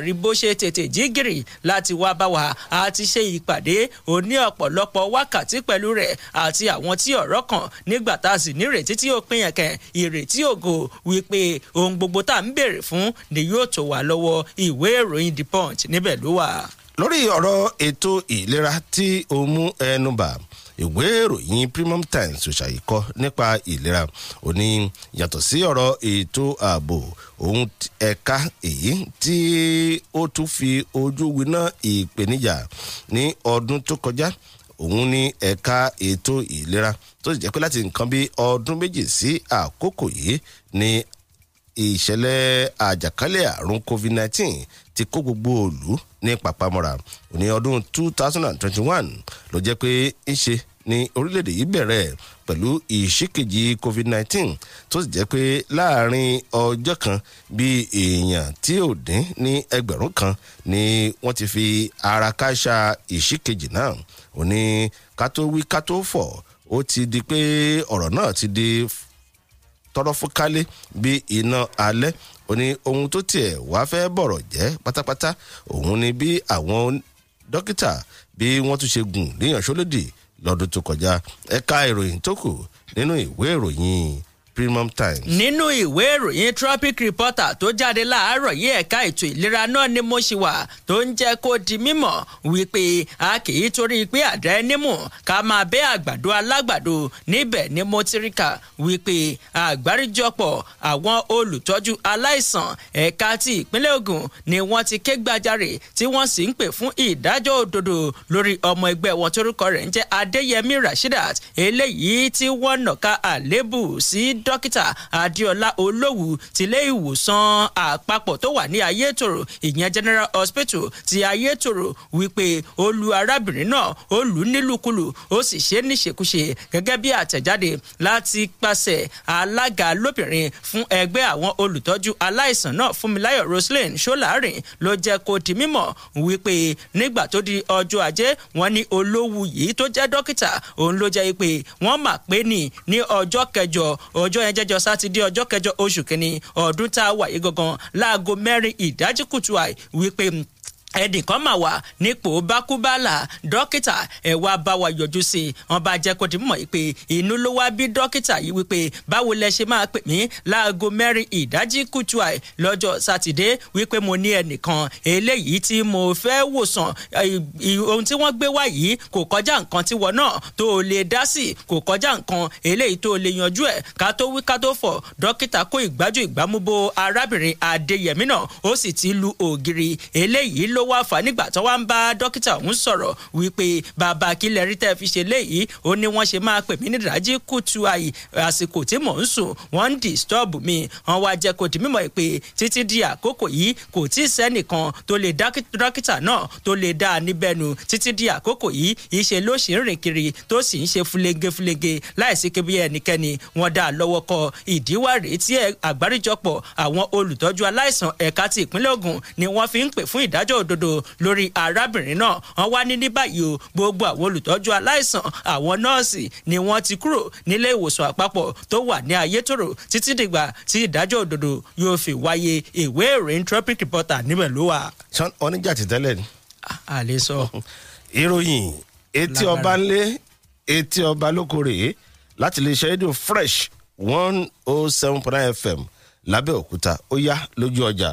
látàrí bó ṣe tètè jí gìrì láti wá bá wa àti ṣe ìpàdé òní ọ̀pọ̀lọpọ̀ wákàtí pẹ̀lú rẹ̀ àti àwọn tí ọ̀rọ̀ kàn nígbà tá a sì nírètí tí ó pín yẹn kàn ìrètí ògo wípé ohun gbogbo tá à ń béèrè fún ni yóò tó wà lọ́wọ́ ìwé ìròyìn the punch níbẹ̀ ló wà. lórí ọ̀rọ̀ ètò ìlera tí o mú ẹnu bà ìwé ìròyìn Premium Times ò ṣàyíkọ nípa ìlera ó ní yàtọ̀ sí ọ̀rọ̀ ètò ààbò òun ẹ̀ka èyí tí ó tún fi ojú winá ìpèníjà ní ọdún tó kọjá òun ní ẹ̀ka ètò ìlera tó sì jẹ́ pé láti nǹkan bí ọdún méjì sí àkókò yìí ni ìṣẹ̀lẹ̀ àjàkálẹ̀ àrùn COVID-19 ti kó gbogbo òlú ní pàpamọ́ra òní ọdún one ló jẹ́ pé ń ṣe ní orílẹ̀-èdè yìí bẹ̀rẹ̀ pẹ̀lú ìṣíkejì covid-19 tó sì jẹ́ pé láàrin ọjọ́ kan bíi èèyàn tí ò dín ní ẹgbẹ̀rún kan ni wọ́n ti fi ara káṣá ìṣíkejì náà ò ní ká tó wí ká tó fọ̀ ó ti di pé ọ̀rọ̀ náà ti di tọrọ fún kálé bíi iná alẹ́ ó ní ohun tó tiẹ̀ wá fẹ́ bọ̀rọ̀ jẹ́ pátápátá òun ni bí àwọn dókítà bí wọ́n tún ṣe gùn níyànjú lódì lọ́dún tó kọjá ẹ̀ka ìròyìn tó kù nínú ìwé ìròyìn Premium Times. nínú ìwé ìròyìn tropic reporter tó jáde láàárọ̀ yìí ẹ̀ka ètò ìlera náà ni mo ṣì wà tó ń jẹ́ kó di mímọ̀ wípé a kì í torí pé àdá ẹni mú ká máa bẹ́ àgbàdo alágbàdo níbẹ̀ ni mo ti rí kà wípé àgbáríjọpọ̀ àwọn olùtọ́jú aláìsàn ẹ̀ka ti ìpínlẹ̀ Ògùn ni wọ́n ti ké gbàjarè tí wọ́n sì ń pè fún ìdájọ́ òdodo lórí ọmọ ẹgbẹ́ wọn torúkọ rẹ̀ ń jẹ́ Adéyẹmí Rasheedat eléyìí tí wọ́n nàka àlébù sí dókítà adéọlá olówù tilé ìwòsàn àpapọ̀ tó wà ní ayétòrò ìyẹn general hospital ti ayétòrò wípé ó lu arábìnrin náà ó lù ú nílùkulù ó sì ṣe é níṣekúṣe gẹ́gẹ́ bí àtẹ̀jáde láti pàṣẹ alága lóbìnrin fún ẹgbẹ́ àwọn olùtọ́jú aláìsàn náà fúnmiláyọ̀ roslyn ṣọ́láàrin ló jẹ́ kó di mímọ̀ wípé nígbà tó di ọjọ́ ajé wọn ní olówù yìí tó jẹ́ dókítà òun ló jẹ́ pé wọ́n mà pé ní ní ọjọ́ kẹjọ ọjọ́ yẹn jẹ́jọ́ sátidé ọjọ́ kẹjọ oṣù kìíní ọdún tá a wà yìí gangan láago mẹ́rin ìdájí kùtù àì wípé ẹnìkan mà wá nípò bákúbálà dókítà ẹ wá bá wa yọjú sí i wọn bá jẹ́ kó di mọ̀ pé inú ló wá bí dókítà yìí wípé báwo lẹ ṣe máa pè mí láago mẹ́rin ìdájí kùtù àì lọ́jọ́ sátidé wípé mo ní ẹnìkan eléyìí tí mo fẹ́ wòsàn ohun tí wọ́n gbé wá yìí kò kọjá nǹkan tí wọ́n náà tó o lè dá sí kò kọjá nǹkan eléyìí tó o lè yanjú ẹ̀ ká tó wí ká tó fọ̀ dókítà kó ìgbájú ìgbámúbó arábìnrin adéyẹmí náà ó sì ti lu ògiri eléyìí ló ló wá fà nígbà tó wá ń bá dókítà ọ̀hún sọ̀rọ̀ wípé bàbá kílẹ̀ rí tẹ́ fi ṣe léyìí ó ní wọ́n ṣe máa pè mí ní kùtù àyè àsìkò tí mò ń sùn wọ́n ń disturb mi wọ́n wá jẹ́ kó di mímọ̀ pé títí di àkókò yìí kò tí ì sẹ́nìkan tó lè dókítà náà tó lè dá a níbẹ̀nu títí di àkókò yìí ìṣe ló ṣì ń rìn kiri tó sì ń ṣe fúlégefúlége láìsí kébí ẹnikẹ́ni wọ́n dá a lọ́wọ́ kọ ìdíwá rèé tí àgbáríjọpọ̀ àwọn olùtọ́jú aláìsàn ẹ̀ka ti ìpínlẹ̀ Ògùn ni wọ́n fi ń pè fún ìdájọ́ òd òdodo lórí arábìnrin náà wọ́n wá ní ní báyìí o gbogbo àwọn olùtọ́jú aláìsàn àwọn nọ́ọ̀sì ni wọ́n ti kúrò nílé ìwòsàn àpapọ̀ tó wà ní ayétòrò títí dìgbà tí ìdájọ́ òdodo yóò fi wáyé ìwé ìròyìn tropic reporter níbẹ̀ ló wà. oníjà ti ni. a lè sọ. ìròyìn etí ọba ńlé etí ọba lóko rèé láti lè ṣe é fresh one oh seven point nine fm lábẹ́òkúta ó yá lójú ọjà.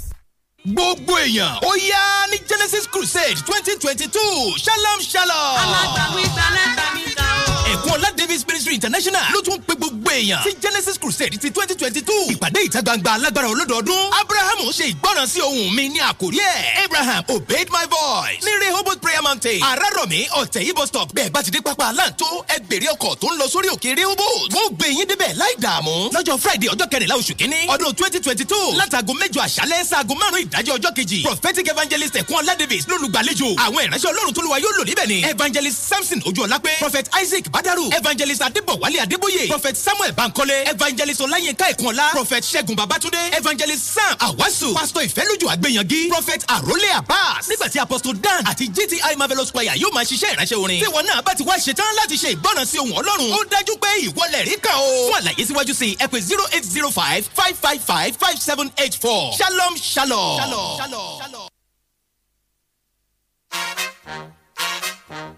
gbogbo èèyàn ó yá ní Genesis Crusade twenty twenty two shalom shalom. alágbàwí gbalẹ́ tàbí ta o. ẹ̀kún ọ̀la Davis Ministry International ló tún pe gbogbo gbogbo èèyàn sí Genesis Crusade ti twenty twenty two ìpàdé ìta gbangba alágbára olódoọdún Abrahamu ṣe ìgbọràn sí ohùn mi ní àkórí ẹ̀ Abraham obeyed my voice ní Rehoboth prayer mountain Arárọ̀mí ọ̀tẹ̀ ibo stop bẹ́ẹ̀ bá ti dé pápá aláǹtó ẹ bèrè ọkọ̀ tó ń lọ sórí òkè Rehoboth wọ́n gbé yín débẹ̀ láì dààmú lọ́jọ́ Friday ọjọ́ kẹrìnlá oṣù kínní ọdún twenty twenty two látago mẹ́jọ àṣálẹ́ sáago márùn-ún ìdájọ́ ọjọ́ kejì prophetic evangelist ẹ̀kúnọ́lá Davis lólùgbàlejò àwọn ìránṣẹ́ Ọlọ́run tó lùwà yóò lò níbẹ̀ ni evangelist Samson Ojúọlápé prophet Isaac Badaru evangelist Adébọ̀wálé Adébóyè prophet Samuel samuel bankole evangelist ọláyínká ẹ̀kúnọ̀lá prophet ṣẹ́gun babatunde evangelist sam awasu pastor Ifeluju àgbẹ̀yàngí prophet àrólé abbas nígbà tí apostle dan àti gti marvelous choir yóò máa ṣiṣẹ́ ìránṣẹ́ orin tí wọn náà bá ti wá ṣetán láti ṣe ìgbọràn sí ohun ọlọ́run ó dájú pé ìwọlẹ̀ rí kàn ó fún àlàyé síwájú sí ẹ pè zero eight zero five five five five five seven eight four shalom shalom. shalom. shalom. shalom.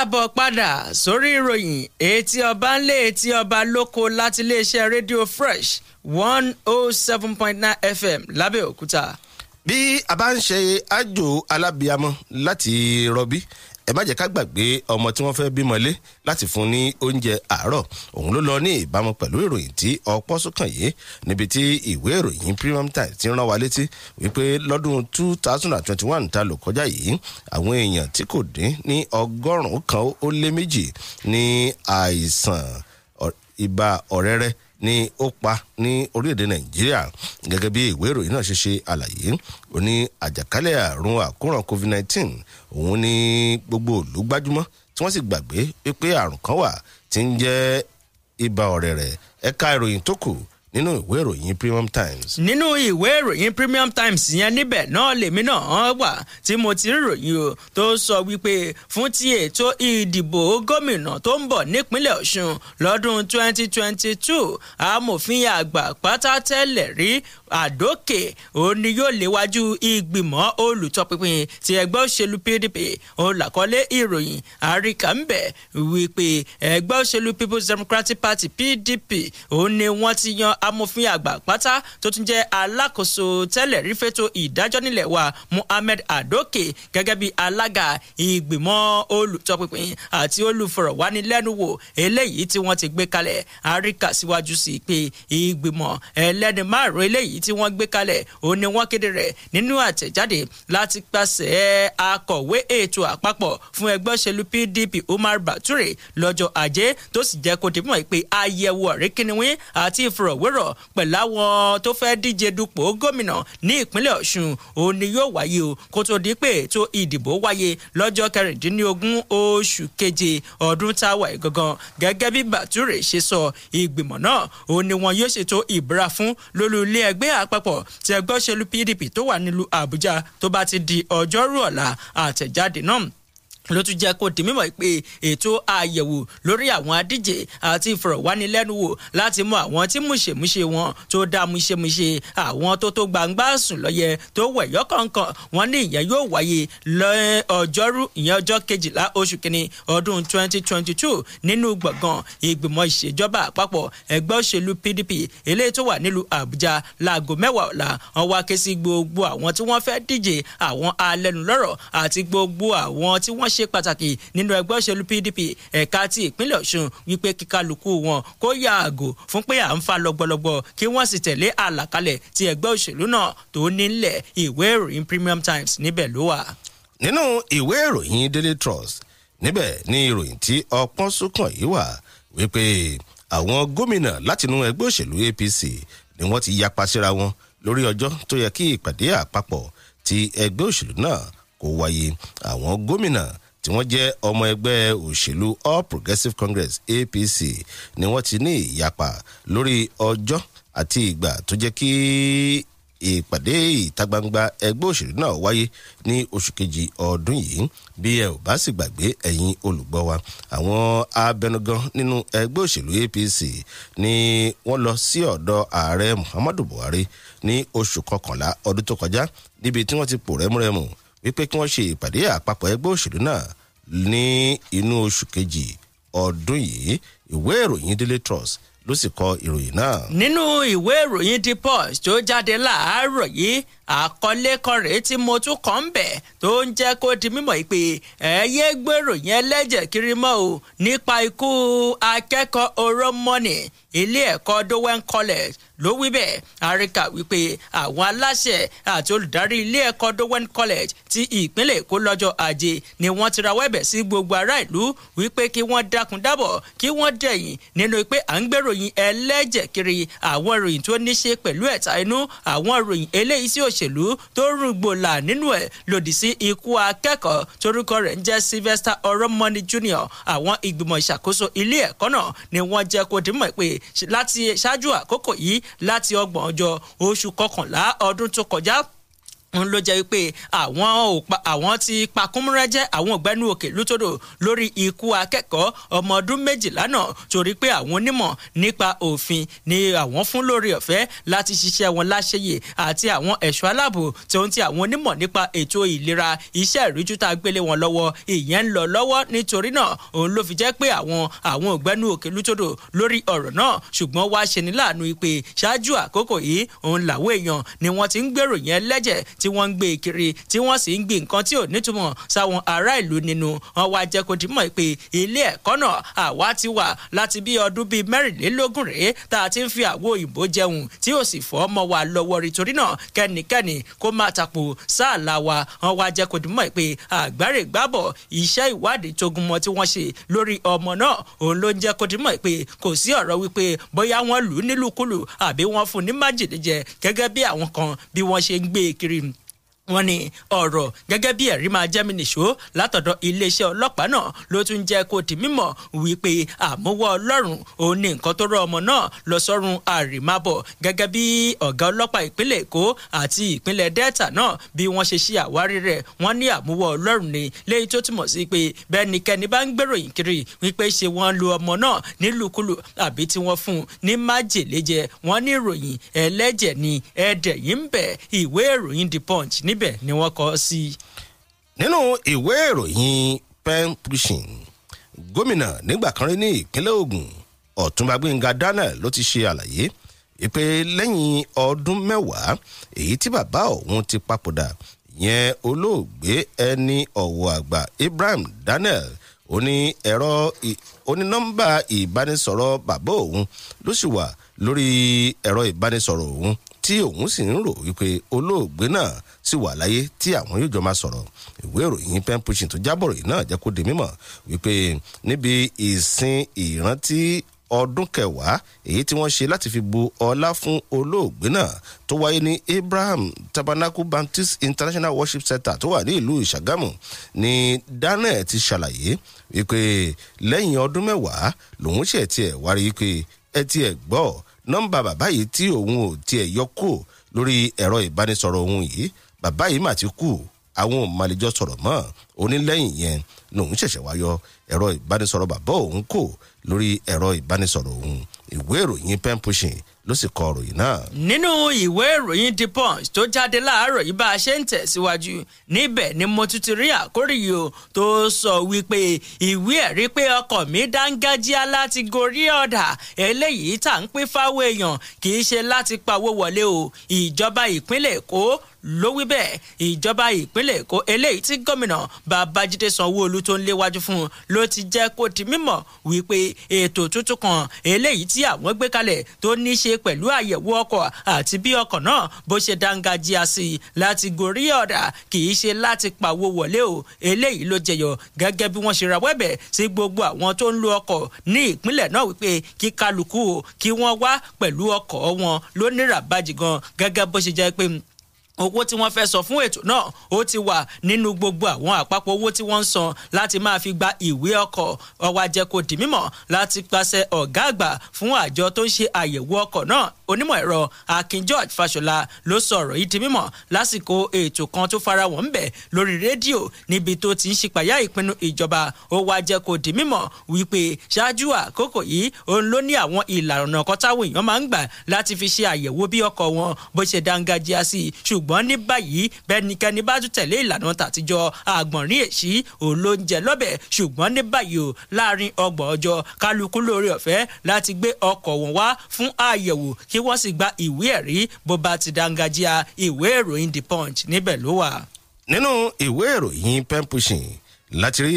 káàbọ̀ padà sórí ìròyìn etí ọba ńlé etí ọba lóko láti iléeṣẹ́ rédíò fresh one oh seven point nine fm lábẹ́òkúta. bí a bá ń ṣe àjò alábìámọ́ láti rọbí ẹ má jẹ́ ká gbàgbé ọmọ tí wọ́n fẹ́ bímọ lé láti fún ní oúnjẹ àárọ̀ òun ló lọ ní ìbámu pẹ̀lú ìròyìn tí ọpọ́ sùkàn yìí níbi tí ìwé ìròyìn Premium Times ti rán wa létí wípé lọ́dún 2021 ta ló kọjá yìí àwọn èèyàn tí kò dín ní ọgọ́rùn kan ó lé méjì ní àìsàn ibà ọ̀rẹ́rẹ́ ni ó pa ní orílẹ̀-èdè nàìjíríà gẹ́gẹ́ bí ìwé ìròyìn náà ṣe ṣe àlàyé ó àjàkálẹ̀ àrùn àkóràn covid-19 òun ní gbogbo òlú gbájúmọ́ tí wọ́n sì gbàgbé pé àrùn kan wà tí ń jẹ́ ibà ọ̀rẹ̀rẹ̀ ẹ̀ka ìròyìn tó kù nínú ìwé ìròyìn premium times. nínú ìwé ìròyìn premium times yẹn níbẹ̀ náà lèmi náà wà tí mo ti ròyìn o tó sọ wípé fún ti ètò ìdìbò gómìnà tó ń bọ̀ nípínlẹ̀ ọ̀ṣun lọ́dún 2022 amòfin àgbà pátá tẹ́lẹ̀ rí àdókè òun ni yóò léwájú ìgbìmọ̀ olùtọpinpin ti ẹgbẹ́ òṣèlú pdp òun làkọ́lé ìròyìn àríkà ń bẹ̀ wípé ẹgbẹ́ òṣèlú people's democratic party pdp òun ni wọ́n ti yan amòfin àgbà pátá tó tún jẹ́ alákòóso tẹ́lẹ̀ rí fẹ́tò ìdájọ́ nílẹ̀ wa Muhammed Adoke gẹ́gẹ́ bí alága ìgbìmọ̀ olùtọpinpin àti olùfọ̀rọ̀wánilẹ́nuwò eléyìí tí wọ́n ti gbé kalẹ̀ àríkà síwájú sí pé ìgbìmọ̀ ẹlẹ́ni márùn eléyìí tí wọ́n gbé kalẹ̀ òun ni wọ́n kéde rẹ̀ nínú àtẹ̀jáde láti pàṣẹ akọ̀wé ètò àpapọ̀ fún ẹgbẹ́ òṣèlú PDP Umar Bature lọ́jọ́ ajé tó sì jẹ́ kó di mọ̀ pé àyẹ̀wò àríkíniwín àti ìfọ̀rọ̀wé ìjíròrò pẹ̀lú àwọn tó fẹ́ díje dupò gómìnà ní ìpínlẹ̀ ọ̀ṣun òun ni yóò wáyé o kó tó di pé ètò ìdìbò wáyé lọ́jọ́ kẹrìndínlógún oṣù keje ọdún tá a wà gangan gẹ́gẹ́ bí bàtúrè ṣe sọ ìgbìmọ̀ náà òun ni wọn yóò ṣètò ìbúra fún lólú ilé ẹgbẹ́ àpapọ̀ tí ẹgbẹ́ òṣèlú pdp tó wà nílùú àbújá tó bá ti di ọjọ́rú ọ̀la àtẹ̀jáde náà ló tún jẹ́ kó di mímọ̀ pé ètò àyẹ̀wò lórí àwọn adíje àti ìfọ̀rọ̀wánilẹ́nuwò láti mú àwọn tí múṣemúṣe wọn tó dá múṣemúṣe àwọn tó tó gbangba sùn lọ́yẹ tó wẹ̀yọ́ kọ̀ọ̀kan wọn ní ìyẹn yóò wáyé lọ́ẹ́ ọjọ́rú ìyẹn ọjọ́ kejìlá oṣù kínní ọdún 2022 nínú gbọ̀ngàn ìgbìmọ̀ ìṣèjọba àpapọ̀ ẹgbẹ́ òṣèlú PDP eléyìí tó wà nílùú Àbújá láago mẹ́wàá ọ̀la wọn wá ké sí gbogbo àwọn tí wọ́n fẹ́ díje àwọn alẹ́nulọ́rọ̀ àti gbogbo àwọn tí wọ́n ṣe pàtàkì nínú ẹgbẹ́ òṣèlú pdp ẹ̀ka ti ìpínlẹ̀ ọ̀ṣun wípé kíkálukú wọn kó yàgò fún pé à ń fa lọ́gbọ̀lọ́gbọ̀ kí wọ́n sì tẹ̀lé àlàkalẹ̀ ti ẹgbẹ́ òṣèlú náà tó nílẹ̀ ìwé ìròyìn premium times níbẹ̀ ló wà. nínú ìwé ìròyìn daily trust níbẹ̀ ni ìròyìn tí ọpọ́n súnkàn yìí wà wípé àwọn gómìnà látinú ẹgbẹ́ òṣèlú apc ni wọ́n ti yapa síra wọn lórí ọjọ́ tó yẹ kí ìpàdé àpapọ̀ ti ẹgbẹ́ òṣèlú náà kó wáyé àwọn gómìnà tí wọ́n jẹ́ ọmọ ẹgbẹ́ òṣèlú All Progressives Congress APC ni wọ́n ti ní ìyapa lórí ọjọ́ àti ìgbà tó jẹ́ kí ìpàdé ìta gbangba ẹgbẹ́ òṣèlú náà wáyé ní oṣù kejì ọdún yìí bí ẹ ò bá sì gbàgbé ẹ̀yin olùgbọ́ wa àwọn abẹnugan nínú ẹgbẹ́ òṣèlú APC ni wọ́n lọ sí ọ̀dọ̀ ààrẹ Muhammadu Buhari ní oṣù kọkànlá ọdún tó kọjá níbi tí wọ́n ti pò rẹ́múrẹ́mù wípé kí wọ́n ṣe ìpàdé àpapọ̀ ẹgbẹ́ òṣèlú náà ní inú oṣù kejì ọdún yìí ìwé ìròyìn Daily Trust ló sì kọ ìròyìn náà. nínú ìwé ìròyìn The Punch tó jáde láàárọ̀ yìí àkọlé kan rèé tí mo tún kàn ń bẹ̀ tó ń jẹ́ kó di mímọ̀ pé ẹ yé gbèrò yẹn lẹ́jẹ̀ kiri mọ́ o nípa ikú akẹ́kọ̀ọ́ oromoni ilé ẹ̀kọ́ dowen college ló wí bẹ́ẹ̀ àríkà wípé àwọn aláṣẹ àti olùdarí ilé ẹ̀kọ́ dowen college ti ìpínlẹ̀ èkó lọ́jọ́ ajé ni wọ́n ti rawọ́ ẹ̀bẹ̀ sí gbogbo ará ìlú wípé kí wọ́n dákun dábọ̀ kí wọ́n dẹ̀yìn nínú pé à ń gbèròyìn ẹlẹ́jẹ̀ kiri àwọn ìròyìn tó ní ṣe pẹ̀lú ẹ̀ta inú àwọn ìròyìn eléyìí sí òṣ olóṣèlú tó rúgbòlà nínú ẹ̀ lòdì sí ikú akẹ́kọ̀ọ́ torúkọ rẹ̀ ń jẹ́ Sylvester Oromoni Junior àwọn ìgbìmọ̀ ìṣàkóso ilé ẹ̀kọ́ náà ni wọ́n jẹ́ kó dìímọ̀ pé láti ṣáájú àkókò yìí láti ọgbọ̀n ọjọ́ oṣù kọkànlá ọdún tó kọjá ń ló jẹ́ wípé àwọn ò pa àwọn ti pakúmúrẹ́jẹ́ àwọn ògbẹ́nu òkè lótòdò lórí ikú akẹ́kọ̀ọ́ ọmọ ọdún méjìlá náà torí pé àwọn onímọ̀ nípa òfin ni àwọn fún lórí ọ̀fẹ́ láti ṣiṣẹ́ wọn láṣeyè àti àwọn ẹ̀ṣọ́ aláàbò tí ohun ti àwọn onímọ̀ nípa ètò ìlera iṣẹ́ ìríjú tá a gbélé wọn lọ́wọ́ ìyẹn ń lọ lọ́wọ́ nítorí náà òun ló fi jẹ́ pé àwọn àwọn ògbẹ́nu òkè lótòdò lórí ọ̀rọ̀ náà ni wọ́n tí wọ́n ń gbé kiri tí wọ́n sì ń gbé nǹkan tí ò nítumọ̀ sáwọn ará ìlú nínú wọn wá jẹ́ kó dimọ̀ pé ilé ẹ̀kọ́ náà àwa ti wà láti bí ọdún bíi mẹ́rìnlélógún rèé tá a ti ń fi àwo òyìnbó jẹun tí ò sì fọ́ ọmọ wa lọ́wọ́ rí torí náà kẹ́nikẹ́ni kó máa tàpò sáàlà wa wọn wá jẹ́ kó dimọ̀ pé àgbáre gbábọ̀ iṣẹ́ ìwádìí togunmọ́ tí wọ́n ṣe lórí ọmọ náà òun ló ń jẹ́ kó dimọ̀ pé kò sí ọ̀rọ̀ wípé bóyá wọ́n lù ú nílùkulù àbí wọ́n fún ní májèlé jẹ gẹ́gẹ́ bí àwọn kan bí wọ́n ṣe ń gbé kiri wọ́n ní ọ̀rọ̀ gẹ́gẹ́ bí ẹ̀rí máa jẹ́ mi nìṣó látọ̀dọ̀ iléeṣẹ́ ọlọ́pàá náà ló tún jẹ́ kó di mímọ̀ wípé àmúwọ́ ọlọ́run òun ní nǹkan tó rọ ọmọ náà lọ sọ́run àrìmábọ̀ gẹ́gẹ́ bí ọ̀gá ọlọ́pàá ìpínlẹ̀ èkó àti ìpínlẹ̀ delta náà bí wọ́n ṣe ṣe àwárí rẹ̀ wọ́n ní àmúwọ́ ọlọ́run ni léyìí tó túmọ̀ sí pé bẹ́nikẹ́ni bá ń gbèròyìn kiri wípé ṣe wọ́n lu ọmọ náà nílùkulù àbí tí wọ́n fún ní májèlé jẹ wọ́n ní ìròyìn ẹlẹ́jẹ̀ ni ẹ̀ẹ́dẹ̀ yìí ń bẹ ìwé ìròyìn the punch níbi níbẹ̀ ni wọ́n kọ sí. nínú ìwé ìròyìn pen pushing gómìnà nígbà kan rí ní ìpínlẹ̀ ogun ọ̀túnba gbẹ̀ngà daniel ló ti ṣe àlàyé pé lẹ́yìn ọdún mẹ́wàá èyí tí bàbá òun ti papòdà ìyẹn olóògbé ẹni ọ̀wọ̀ àgbà ibrahim daniel oní ẹ̀rọ onínọ́mbà ìbánisọ̀rọ̀ bàbá òun ló sì wà lórí ẹ̀rọ ìbánisọ̀rọ̀ òun tí òun sì ń rò wípé olóògbé náà sì wà láyé tí àwọn yóò jọ máa sọ̀rọ̀ ìwé ìròyìn pen pushing tó jábọ̀ ròyìn náà jẹ́ kó di mímọ̀ wípé níbi ìsìn ìrántí ọdún kẹwàá èyí tí wọ́n ṣe láti fi bu ọlá fún olóògbé náà tó wáyé ní Abraham Tabernacle Baptist International Worship Center tó wà ní ìlú Ìṣàgámù ni Daniel ti ṣàlàyé wípé lẹ́yìn ọdún mẹ́wàá lòun ṣe tiẹ̀ wárí wípé ẹ tiẹ̀ gbọ́ nọ́mbà bàbá yìí tí òun ò tiẹ̀ yọ kó lórí ẹ̀rọ ìbánisọ̀rọ̀ òun yìí bàbá yìí mà ti kú àwọn ò má lè jọ sọ̀rọ̀ mọ́ onílẹ́yìn yẹn lòun ṣẹ̀ṣẹ̀ wáyọ ẹ̀rọ ìbánisọ̀rọ̀ bàbá òun kò lórí ẹ̀rọ ìbánisọ̀rọ̀ òun ìwé ìròyìn pen pushing ló sì kọ ròyìn náà. nínú ìwé ìròyìn the punch tó jáde láàárọ̀ yìí bá a ṣe ń tẹ̀síwájú níbẹ̀ ni mo tún ti rí àkóríyó tó sọ wípé ìwé ẹ̀rí pé ọkọ̀ mi dángájíá láti gorí ọ̀dà eléyìí tá ń pín fáwọn èèyàn kì í ṣe láti pawó wọlé o ìjọba ìpínlẹ̀ èkó ló wí bẹ́ẹ̀ ìjọba ìpínlẹ̀ èkó eléyìí tí gómìnà babájídé sanwóolu tó ń léwájú fún un ló ti jẹ́ kó di mímọ̀ wípé ètò tuntun kan eléyìí tí àwọn gbé kalẹ̀ tó ní ṣe pẹ̀lú àyẹ̀wò ọkọ̀ àti bí ọkọ̀ náà bó ṣe dángájíá sí i láti gorí ọ̀dà kì í ṣe láti pawó wọlé o eléyìí ló jẹyọ gẹ́gẹ́ bí wọ́n ṣe rawọ́ ẹ̀bẹ̀ sí gbogbo àwọn tó ń lo ọkọ̀ ní ìpínlẹ̀ náà wípé kí kálukú o kí wọ́n wá pẹ̀lú ọkọ̀ wọn lóníràbájì gan gẹ́gẹ́ bó ṣe jẹ́ pé owó tí wọ́n fẹ́ sọ fún ètò náà ó ti wà nínú gbogbo àwọn àpapọ̀ owó tí wọ́n ń san láti máa fi gba ìwé ọkọ̀ ọwọ́ ajẹ́kò dì mímọ̀ láti pàṣẹ ọ̀gá àgbà fún àjọ tó ń ṣe àyẹ̀wò ọkọ̀ náà onímọ̀ ẹ̀rọ Akin George Fáṣọlá ló sọ̀rọ̀ yìí di mímọ̀ lásìkò ètò kan tó fara wọ́n bẹ̀ lórí rédíò níbi tó ti ń ṣípayá ìpinnu ìjọba ó wá jẹ́ kó di mímọ̀ wípé ṣáájú àkókò yìí òun ló ní àwọn ìlànà kan táwọn èèyàn máa ń gbà láti fi ṣe àyẹ̀wò bí ọkọ̀ wọn bó ṣe dáńgájíá sí ṣùgbọ́n ṣùgbọ́n ní báyìí bẹ́nikẹ́ni bá tún tẹ̀lé ìlànà tàtijọ́ àgbọ̀nrín èṣí olóúnjẹ lọ́bẹ̀ ṣùgbọ́n ní báyìí o láàrin ọgbọ̀n ọjọ́ kálukú lórí ọ̀fẹ́ láti gbé ọkọ̀ wọn wá fún àyẹ̀wò kí wọ́n sì gba ìwé ẹ̀rí bó bá ti dángájíá ìwé ìròyìn the punch níbẹ̀ ló wà. nínú ìwé ìròyìn pen pushing láti rí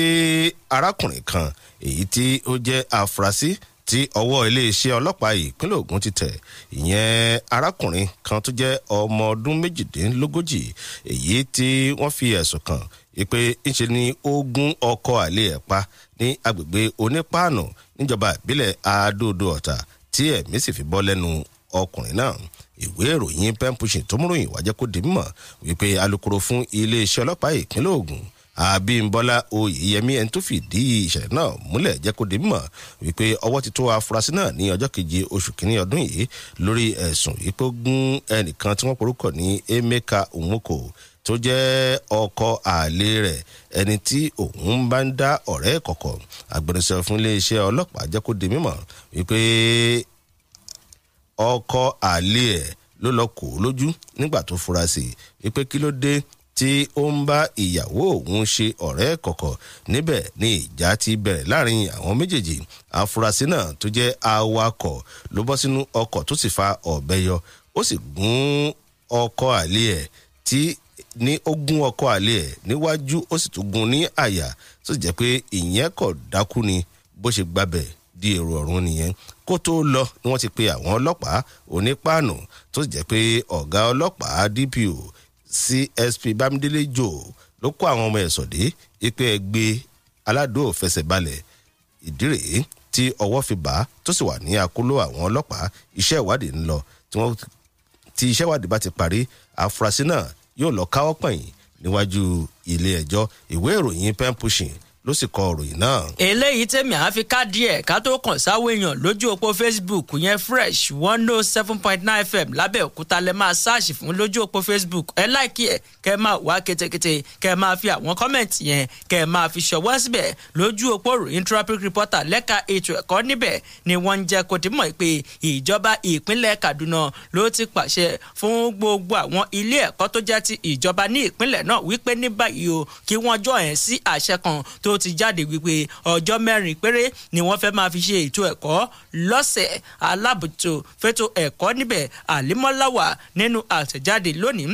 arákùnrin kan èyí tí ó jẹ́ afurasí tí ọwọ́ iléeṣẹ́ ọlọ́pàá ìpínlẹ̀ Ògùn ti tẹ̀ ìyẹn arákùnrin kan tó jẹ́ ọmọ ọdún méjìdínlógójì èyí tí wọ́n fi ẹ̀sùn kàn pé ńṣe ni ó gún ọkọ àlè ẹ̀ pa ní agbègbè onípáànù níjọba ìbílẹ̀ adóodò ọ̀tà tí ẹ̀mí sì fi bọ́ lẹ́nu ọkùnrin náà ìwé ìròyìn pen pushing tó múròyìn wá kó di mímọ̀ wípé alukoro fún iléeṣẹ́ ọlọ́pàá ìpínlẹ̀ Ògùn Abímbọ́lá Oyèyẹmí ẹni tó fìdí ìṣẹ̀lẹ̀ náà múlẹ̀ jẹ́ kó di mímọ̀ wípé ọwọ́ ti tó afurasí náà ní ọjọ́ keje oṣù kínní ọdún yìí lórí ẹ̀sùn wípé ó gún ẹnìkan tí wọ́n porúkọ ní Emeka Nwoko tó jẹ́ ọkọ àlè rẹ̀ ẹni tí òun bá ń dá ọ̀rẹ́ kọ̀kọ̀ agbẹnusọ fún iléeṣẹ́ ọlọ́pàá jẹ́ kó di mímọ̀ wípé ọkọ àlè ẹ̀ ló lọ kò lójú nígbà tó fura sí i wípé kí ló dé tí ó ń bá ìyàwó òun ṣe ọ̀rẹ́ kọ̀kọ̀ níbẹ̀ ni ìjà ti bẹ̀rẹ̀ láàrin àwọn méjèèjì afurasí náà tó jẹ́ awakọ̀ ló bọ́ sínú ọkọ̀ tó sì fa ọ̀bẹ yọ ó sì gún ọkọ̀ àlè ẹ̀ tí ní ó gún ọkọ̀ àlè ẹ̀ níwájú ó sì tún gún ní àyà tó sì jẹ́ pé ìyẹn kò dákú ni bó ṣe gbabẹ̀ di èrò ọ̀run nìyẹn kó tó lọ ni wọ́n ti pe àwọn ọlọ́pàá onípaànù tó sì jẹ́ pé ọ̀gá ọlọ́pàá dpo csp bámidélé jò ló kó àwọn ọmọ ẹ̀sọ̀ dé ipe ẹgbẹ́ aládò fẹsẹ̀ balẹ̀ ìdí rèé tí ọwọ́ fi bá tó sì wà ní àkóló àwọn ọlọ́pàá iṣẹ́ ìwádìí ń lọ tí iṣẹ́ ìwádìí bá ti parí àfúrásì náà yóò lọ káwọ́ pọ̀nyìn níwájú ilé ìwé ìròyìn pen pushing ló sì kọ òròyìn náà. eléyìí tèmi àá fi ká díẹ̀ ká tó kàn sáwọ́ èèyàn lójú òpó facebook yẹn fresh one oh seven point nine fm lábẹ́òkúta lẹ máa ṣáàṣì fún lójú òpó facebook ẹ láìkí ẹ kẹ ẹ máa wá ketekete kẹ ẹ máa fi àwọn kọ́mẹ̀ntì yẹn kẹ ẹ máa fi ṣọwọ́ síbẹ̀ lójú òpó ròyìn traffic reporter lẹ́ka ètò ẹ̀kọ́ níbẹ̀ ni wọ́n ń jẹ́ kó ti mọ̀ pé ìjọba ìpínlẹ̀ kaduna ló ti pàṣẹ fún gbogbo àwọn ilé ẹ̀kọ́ tó jẹ́ ti ìjọba ní ìpínlẹ̀ náà wípé ní báyìí o kí wọ́n jọ ẹ̀ sí àṣẹ kan tó tó ti jáde wípé ọjọ́ mẹ́rin péré ni wọ́n fẹ́ máa fi ṣe ètò ẹ̀kọ́ lọ́sẹ̀ alábòtò fẹ́tò ẹ̀kọ́ níbẹ̀ àlímọ́láwà nínú àtẹ̀jáde lónìí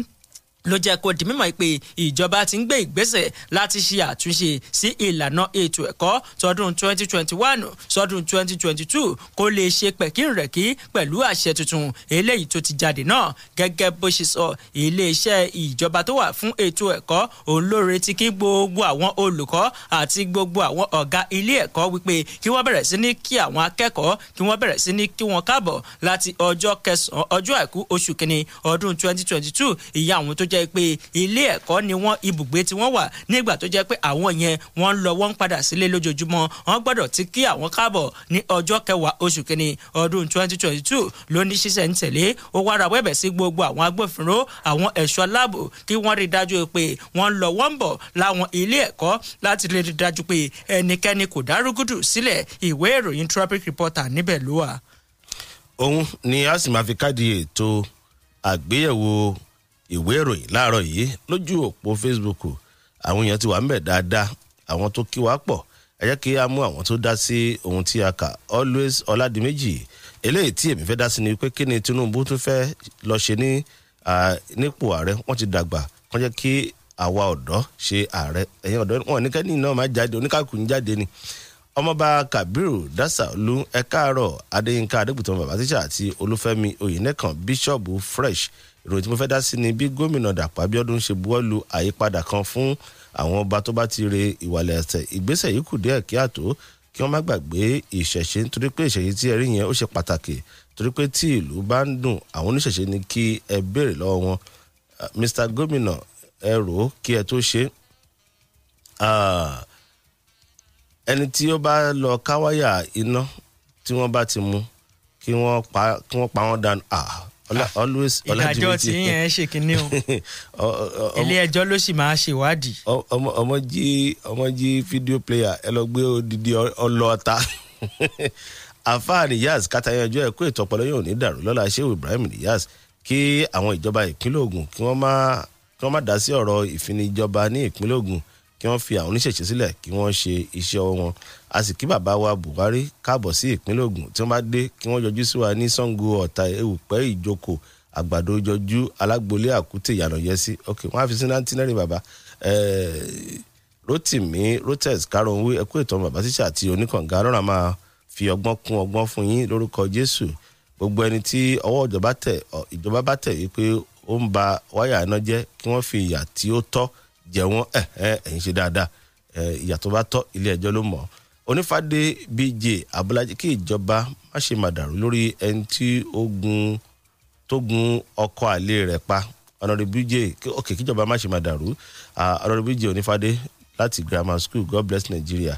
ló jẹ́ kó di mímọ̀ pé ìjọba ti ń gbé ìgbésẹ̀ láti ṣe àtúnṣe sí ìlànà ètò ẹ̀kọ́ sọdún 2021 sọdún 2022 kó lè ṣe pẹ̀kínrẹ̀kí pẹ̀lú àṣẹ tuntun eléyìí tó ti jáde náà gẹ́gẹ́ bó ṣe sọ iléeṣẹ́ ìjọba tó wà fún ètò ẹ̀kọ́ òun ló retí kí gbogbo àwọn olùkọ́ àti gbogbo àwọn ọ̀gá ilé ẹ̀kọ́ wípé kí wọ́n bẹ̀rẹ̀ sí ní kí àwọn akẹ́kọ̀ọ́ kí 2022 ìyá àwọn jẹ́ pé ilé ẹ̀kọ́ ni wọ́n ibùgbé tí wọ́n wà nígbà tó jẹ́ pé àwọn yẹn wọ́n lọ wọ́n padà sílé lójoojúmọ́ wọ́n gbọ́dọ̀ ti kí àwọn káàbọ̀ ní ọjọ́ kẹwàá oṣù kínní ọdún 2022 ló ṣiṣẹ́ ń tẹ̀lé ó wá rawọ́ ẹ̀bẹ̀ sí gbogbo àwọn agbófinró àwọn ẹ̀ṣọ́ aláàbò kí wọ́n rí dájú pé wọ́n lọ wọ́n bọ̀ láwọn ilé ẹ̀kọ́ láti lè rí dájú pé ẹnikẹ́ni kò dárúgùdù sílẹ̀ ìwé ìròyìn traffic reporter níbẹ̀ ló wà. òun ni a sì máa fi káàdì ètò àgbéyẹ̀wò ìwé ìròyìn láàárọ̀ yìí lójú òpó Facebook àwọn èèyàn ti wà ń bẹ̀ dáadáa àwọn tó kí wa pọ̀ ẹ jẹ́ kí a mú àwọn tó dá sí ohun tí a kà always ọ̀làdìmẹ́jì eléyìí tí èmi fẹ́ dá sí ni pé kí ni Tinubu tún fẹ́ lọ ṣe ní nípò ààrẹ wọ́n ti dàgbà kàn jẹ́ kí àwa ọ̀dọ́ ṣe ààrẹ ẹ̀yin ọ̀dọ́ wọn nìkẹ́ni náà máa jáde oníkàkù ń jáde ni ọmọọba kabiru dasalu ẹ̀kaàrọ̀ adéyínká adégbùtàn bàbá tíṣà àti olúfẹ́mi oyinẹ̀kan bíṣọ̀bù fresh ìròyìn tí mo fẹ́ dá sí ni bí gómìnà Dàpọ̀ Abíọ́dún ṣe buwọ́ lu àyípadà kan fún àwọn ọba tó bá ti re ìwàlẹ̀ ẹ̀ṣẹ̀ ìgbésẹ̀ yìí kù díẹ̀ kí àtó kí wọ́n má gbàgbé ìṣẹ̀ṣe nítorí pé ìṣẹ̀ṣe tí ẹ yẹn ó ṣe pàtàkì torí pé tí ìlú bá ń dùn àwọn oníṣẹ̀ṣe ni kí ẹ béèrè lọ́wọ́ wọn Mr gómìnà ẹ rò ó kí ẹ tó ṣe ẹni tí ó bá lọ káwáyà iná tí wọ́n bá ti mú kí wọ́n pa wọ́n dànù Ah, always ọlájúmọ̀tì ìdájọ́ tí yẹn ṣe kínní o ilé ẹjọ́ ló sì máa ṣe ìwádìí. ọmọ jí ọmọ jí fídíò pléyà ẹ lọ gbé odidi ọlọ́ọ̀ta àfáà Niyaz kátàyànjú ẹ kó ètò ọpọlọ yóò ní dàrú lọ́la Shehu Ibrahim Niyaz kí àwọn ìjọba ìpínlẹ̀ Ògùn kí wọ́n má dá sí ọ̀rọ̀ ìfinijọba ní ìpínlẹ̀ Ògùn kí wọ́n fi àwọn oníṣẹ̀ṣe sílẹ̀ kí wọ́n ṣe iṣẹ́ ọwọ́ wọn a sì kí bàbá wa Buhari káàbọ̀ sí ìpínlẹ̀ Ògùn tí wọ́n bá dé kí wọ́n yọjú sí wa ní Ṣàngó Ọ̀tà Ewùpẹ́ Ìjókòó àgbàdo jọjú alágbolé àkútè ìyànàyẹsí ok wọ́n á fi sí náńtínẹ́rì bàbá Rotimi Rotes Karunwi ẹkú ètò ọmọ bàbá tíṣà àti oníkànga lọ́ràn máa fi ọgbọ́n kún ọgbọ́n fún yín lórúkọ Jésù gbogbo ẹni tí ọwọ́ ìjọba bá tẹ̀ wípé ó ń ba wáyà iná jẹ́ kí wọ́n fi ìyà tí ó tọ́ jẹ wọ́n ẹ ẹ ẹ̀yin ṣe dáadáa ẹ ìyàtọ̀ bá tọ́ ilé ẹjọ́ ló mọ̀ onífàdé bj abọ́lájí kí ìjọba má ṣe má dàrú lórí ẹni tí ó gun tó gun ọkọ àlè rẹ̀ pa ọ̀nàdé bj òkè kíjọba má ṣe má dàrú ọ̀nàdé bj onífàdé láti grammar school god bless nigeria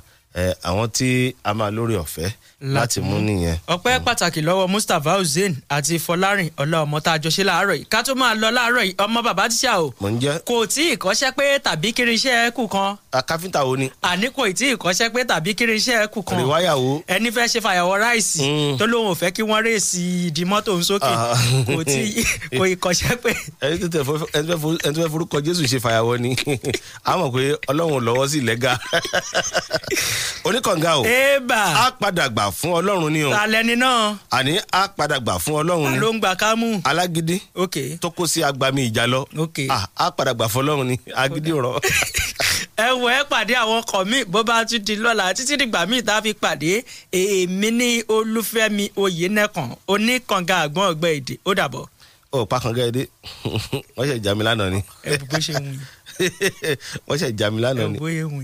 àwọn tí a máa lórí ọ̀fẹ́ láti mú nìyẹn. ọpẹ́ mm. pàtàkì lọ́wọ́ mustapha hussein àti fọlárin ọlọ́ọ̀mọ tá a jọ ṣe láàárọ̀ yìí ká tó máa lọ láàárọ̀ yìí ọmọ bàbá tíṣà o. mò ń jẹ́. kò tí ì kọ́ṣẹ́ pé tàbí kiri iṣẹ́ kù kan. káfíńtà wo ni. àní kò tí ì kọ́ṣẹ́ pé tàbí kiri iṣẹ́ kù kan. rìwáyà wo. ẹni fẹ́ ṣe fàyàwọ́ ráìsì. Mm. tó lóun ò fẹ́ kí wọ́n rèsì ìdí mọ́tò ń sókè. Ah. kò tí ì kọ́ṣẹ́ pé. ẹni tó gbà fún ọlọ́run ni o. ta lẹni náà. àní a padà gbà fún ọlọ́run ni. ló ń gbà kámú. alágídí. ok tó kó sí agbami ìjà lọ. ok a padà gbà fún ọlọ́run ni agídí rọ. ẹ wọ ẹ pàdé àwọn ọkọ mi bó bá tún di lọ́la títí dìgbà míì tá fi pàdé èmi ní olúfẹ́mi oyènẹ́kan oníkànga àgbọ̀n ọ̀gbẹ́ èdè ó dàbọ̀. ọ̀ pàkàngá èdè wọ́n ṣe jà mí lánàá ni. ẹ bùbá ṣe wù yín wọ́n ṣe jà mí lánàá ni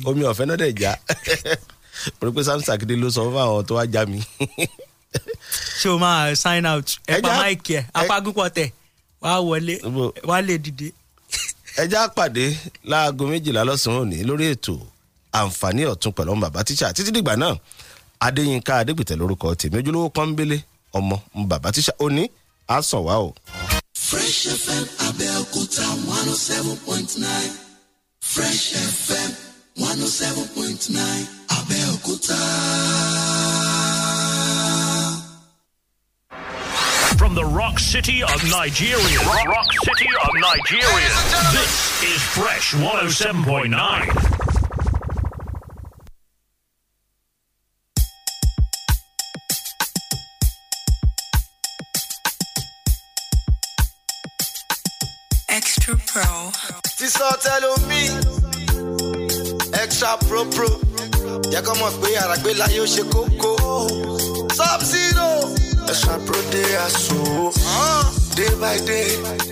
omi ọ̀fẹ́ náà dẹ̀ já pẹ̀lú pé sam sakinde ló sọ fún àwọn tó wá já mi. ṣé o máa sign out ẹ pa máìkì ẹ apágúnpọ̀ tẹ̀ wá wọlé wá lè dìde. ẹ já pàdé láago méjìlá lọ́sàn-án òní lórí ètò àǹfààní ọ̀tún pẹ̀lú ọmọ bàbá tíṣà títí dìgbà náà adéyínká adégbìtẹ̀ lórúkọ tèmi ojúlówó pọ́nbélé ọmọ bàbá tíṣà òní á sàn wá o. fresh fm abẹ́òkúta one oh seven point nine fresh fm one oh seven point nine From the rock city of Nigeria, rock, city of Nigeria, this is Fresh 107.9. Extra Pro. This hotel on me. Extra Pro Pro. yẹ kọ́ mọ̀ pé àràgbé láyé ó ṣe kókó. sub zero ẹ̀ṣà brode aṣọ day by day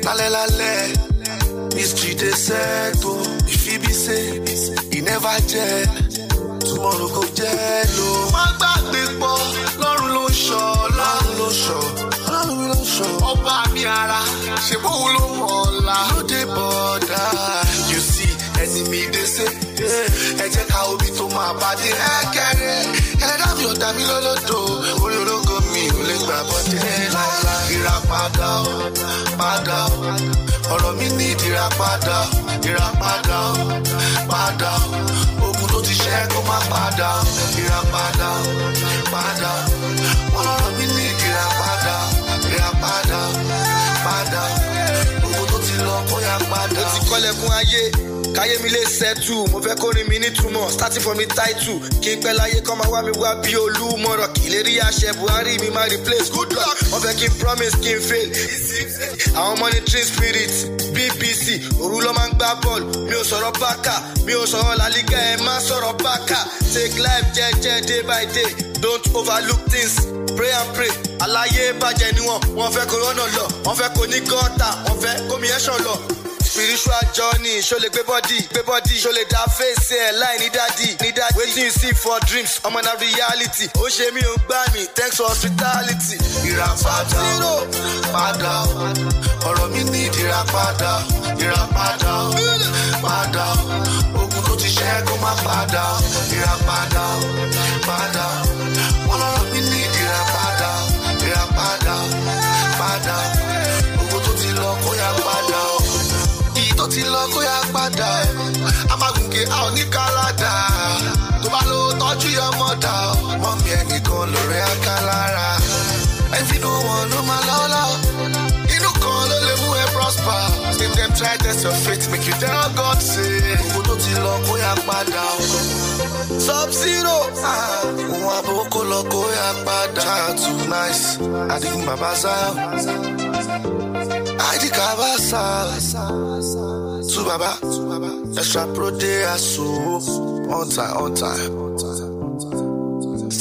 lálẹ́ lálẹ́ mystery dey set o if e be say e never jẹ tomorrow go jẹ lo. má gbàgbé pọ̀ lọ́rùn o padà o ọ̀rọ̀ mi ní ìdìràpadà o ìràpadà o padà o ogun tó ti ṣẹ́ kó má padà o ìràpadà o padà o. ṣẹ́gun ayé káyé mi lè ṣẹ́tù mo fẹ́ kórin mi nítumọ̀ starting from the title kí n pẹ́ láyé kọ́ máa wá mi wá bí olúmọ̀rọ̀ kì í lè rí àṣẹ buhari mi máa replace good luck wọ́n fẹ́ kí n promise kí n fail àwọn monitoring spirit bbc òru ló máa ń gbá bọ́ọ̀lù mi ò sọ̀rọ̀ bákà mi ò sọ̀rọ̀ làlíkà ẹ̀ má sọ̀rọ̀ bákà take life jẹ́jẹ́ day by day don't overlook things pray and pray aláyé bàjẹ́ ni wọ́n wọ́n fẹ́ kó rọ́nà lọ wọ́n fẹ́ kó ní gọ́ta wọ́n fẹ́ kó mi ẹ̀ṣọ́ lọ spiritual journey ṣó lè gbé bọ́dì gbé bọ́dì ṣó lè dá fèsì ẹ̀ láì ní dádì ní dádì wetin you see for dreams ọmọ na reality ó ṣe mí ò gbà mí thanks for hospitality. ìràpadà padà ọ̀rọ̀ mi ní ìdìràpadà ìràpadà padà ogun tó ti ṣẹ́gun má padà ìràpadà padà. lọ̀rẹ́ aká lára ẹ̀fínú wọn ló máa lọ́lọ́ inú kan ló lè mú ẹ prosper if dem try test your faith make you tell God say owó tó ti lọ kó yá padà sub zero òun ah, àbòkó lọ kó yá padà too nice adigun bàbá sáyọ àdìkàbàsà tù bàbá extra pro dey aso on time on time.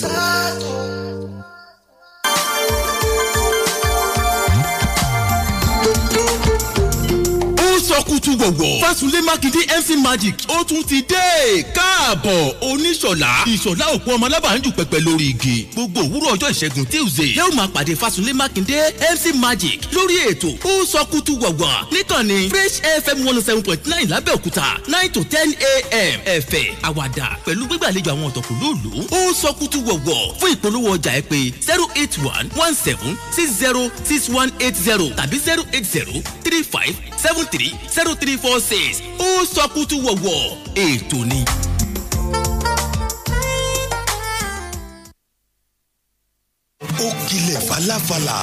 Santo. sọ́kùtù wọ̀wọ̀ fásulẹ̀ mákindé mc magic ó tún ti dé káàbọ̀ oníṣọ̀lá ìṣọ̀lá òkú ọmọ alábàánjù pẹpẹ lórí igi gbogbo òwúrọ̀ ọjọ́ ìṣẹ́gun tuesday yóò máa pàdé fásulẹ̀ mákindé mc magic lórí ètò ó sọ́kùtù wọ̀wọ̀ níkànnì fresh fm one oh seven point nine lábẹ́òkúta nine to ten a.m. ẹ̀fẹ̀ àwàdà pẹ̀lú gbígbàlejò àwọn ọ̀tọ̀kùn lóòlù ó sọ́kùtù wọ̀wọ̀ fún ìpolówó ọjà ẹ pé zero eight one one seven six zero six one eight zero tàbí zero eight zero three five seven three zero three four six ó sọ kútú wọ̀wọ̀ ètò ni. ó kilẹ̀ falafala.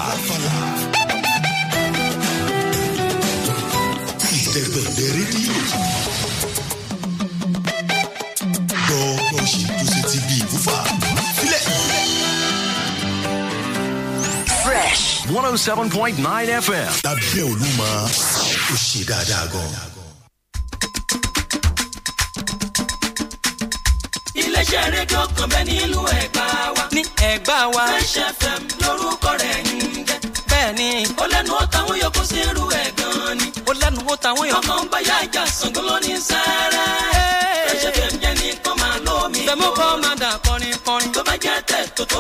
ìdẹ̀gbẹ̀dẹ̀ rédíò. lọ́ọ́ ṣì tó ṣe ti bí ìwúfà. Fresh 107.9 FM. Lábẹ́ ó ṣe dáadáa gan-an. iléeṣẹ́ rédíò kan bẹ́ẹ̀ nílùú ẹ̀gbá wa. ní ẹ̀gbá wa. Fresh FM lórúkọ rẹ̀ ń jẹ́. bẹ́ẹ̀ni. ó lẹ́nu ó tàwọn yòókù sí irú ẹ̀ gan ni. ó lẹ́nu ó tàwọn yòókù. ọmọ ń bá yá ìjà Ṣàngó lónìí sáárá. Fresh FM jẹ́ ní kọ́ máa lómi. bẹ́ẹ̀ mú kọ́ máa dà kọrin kọrin. tó bá jẹ́ tẹ̀ tó tó.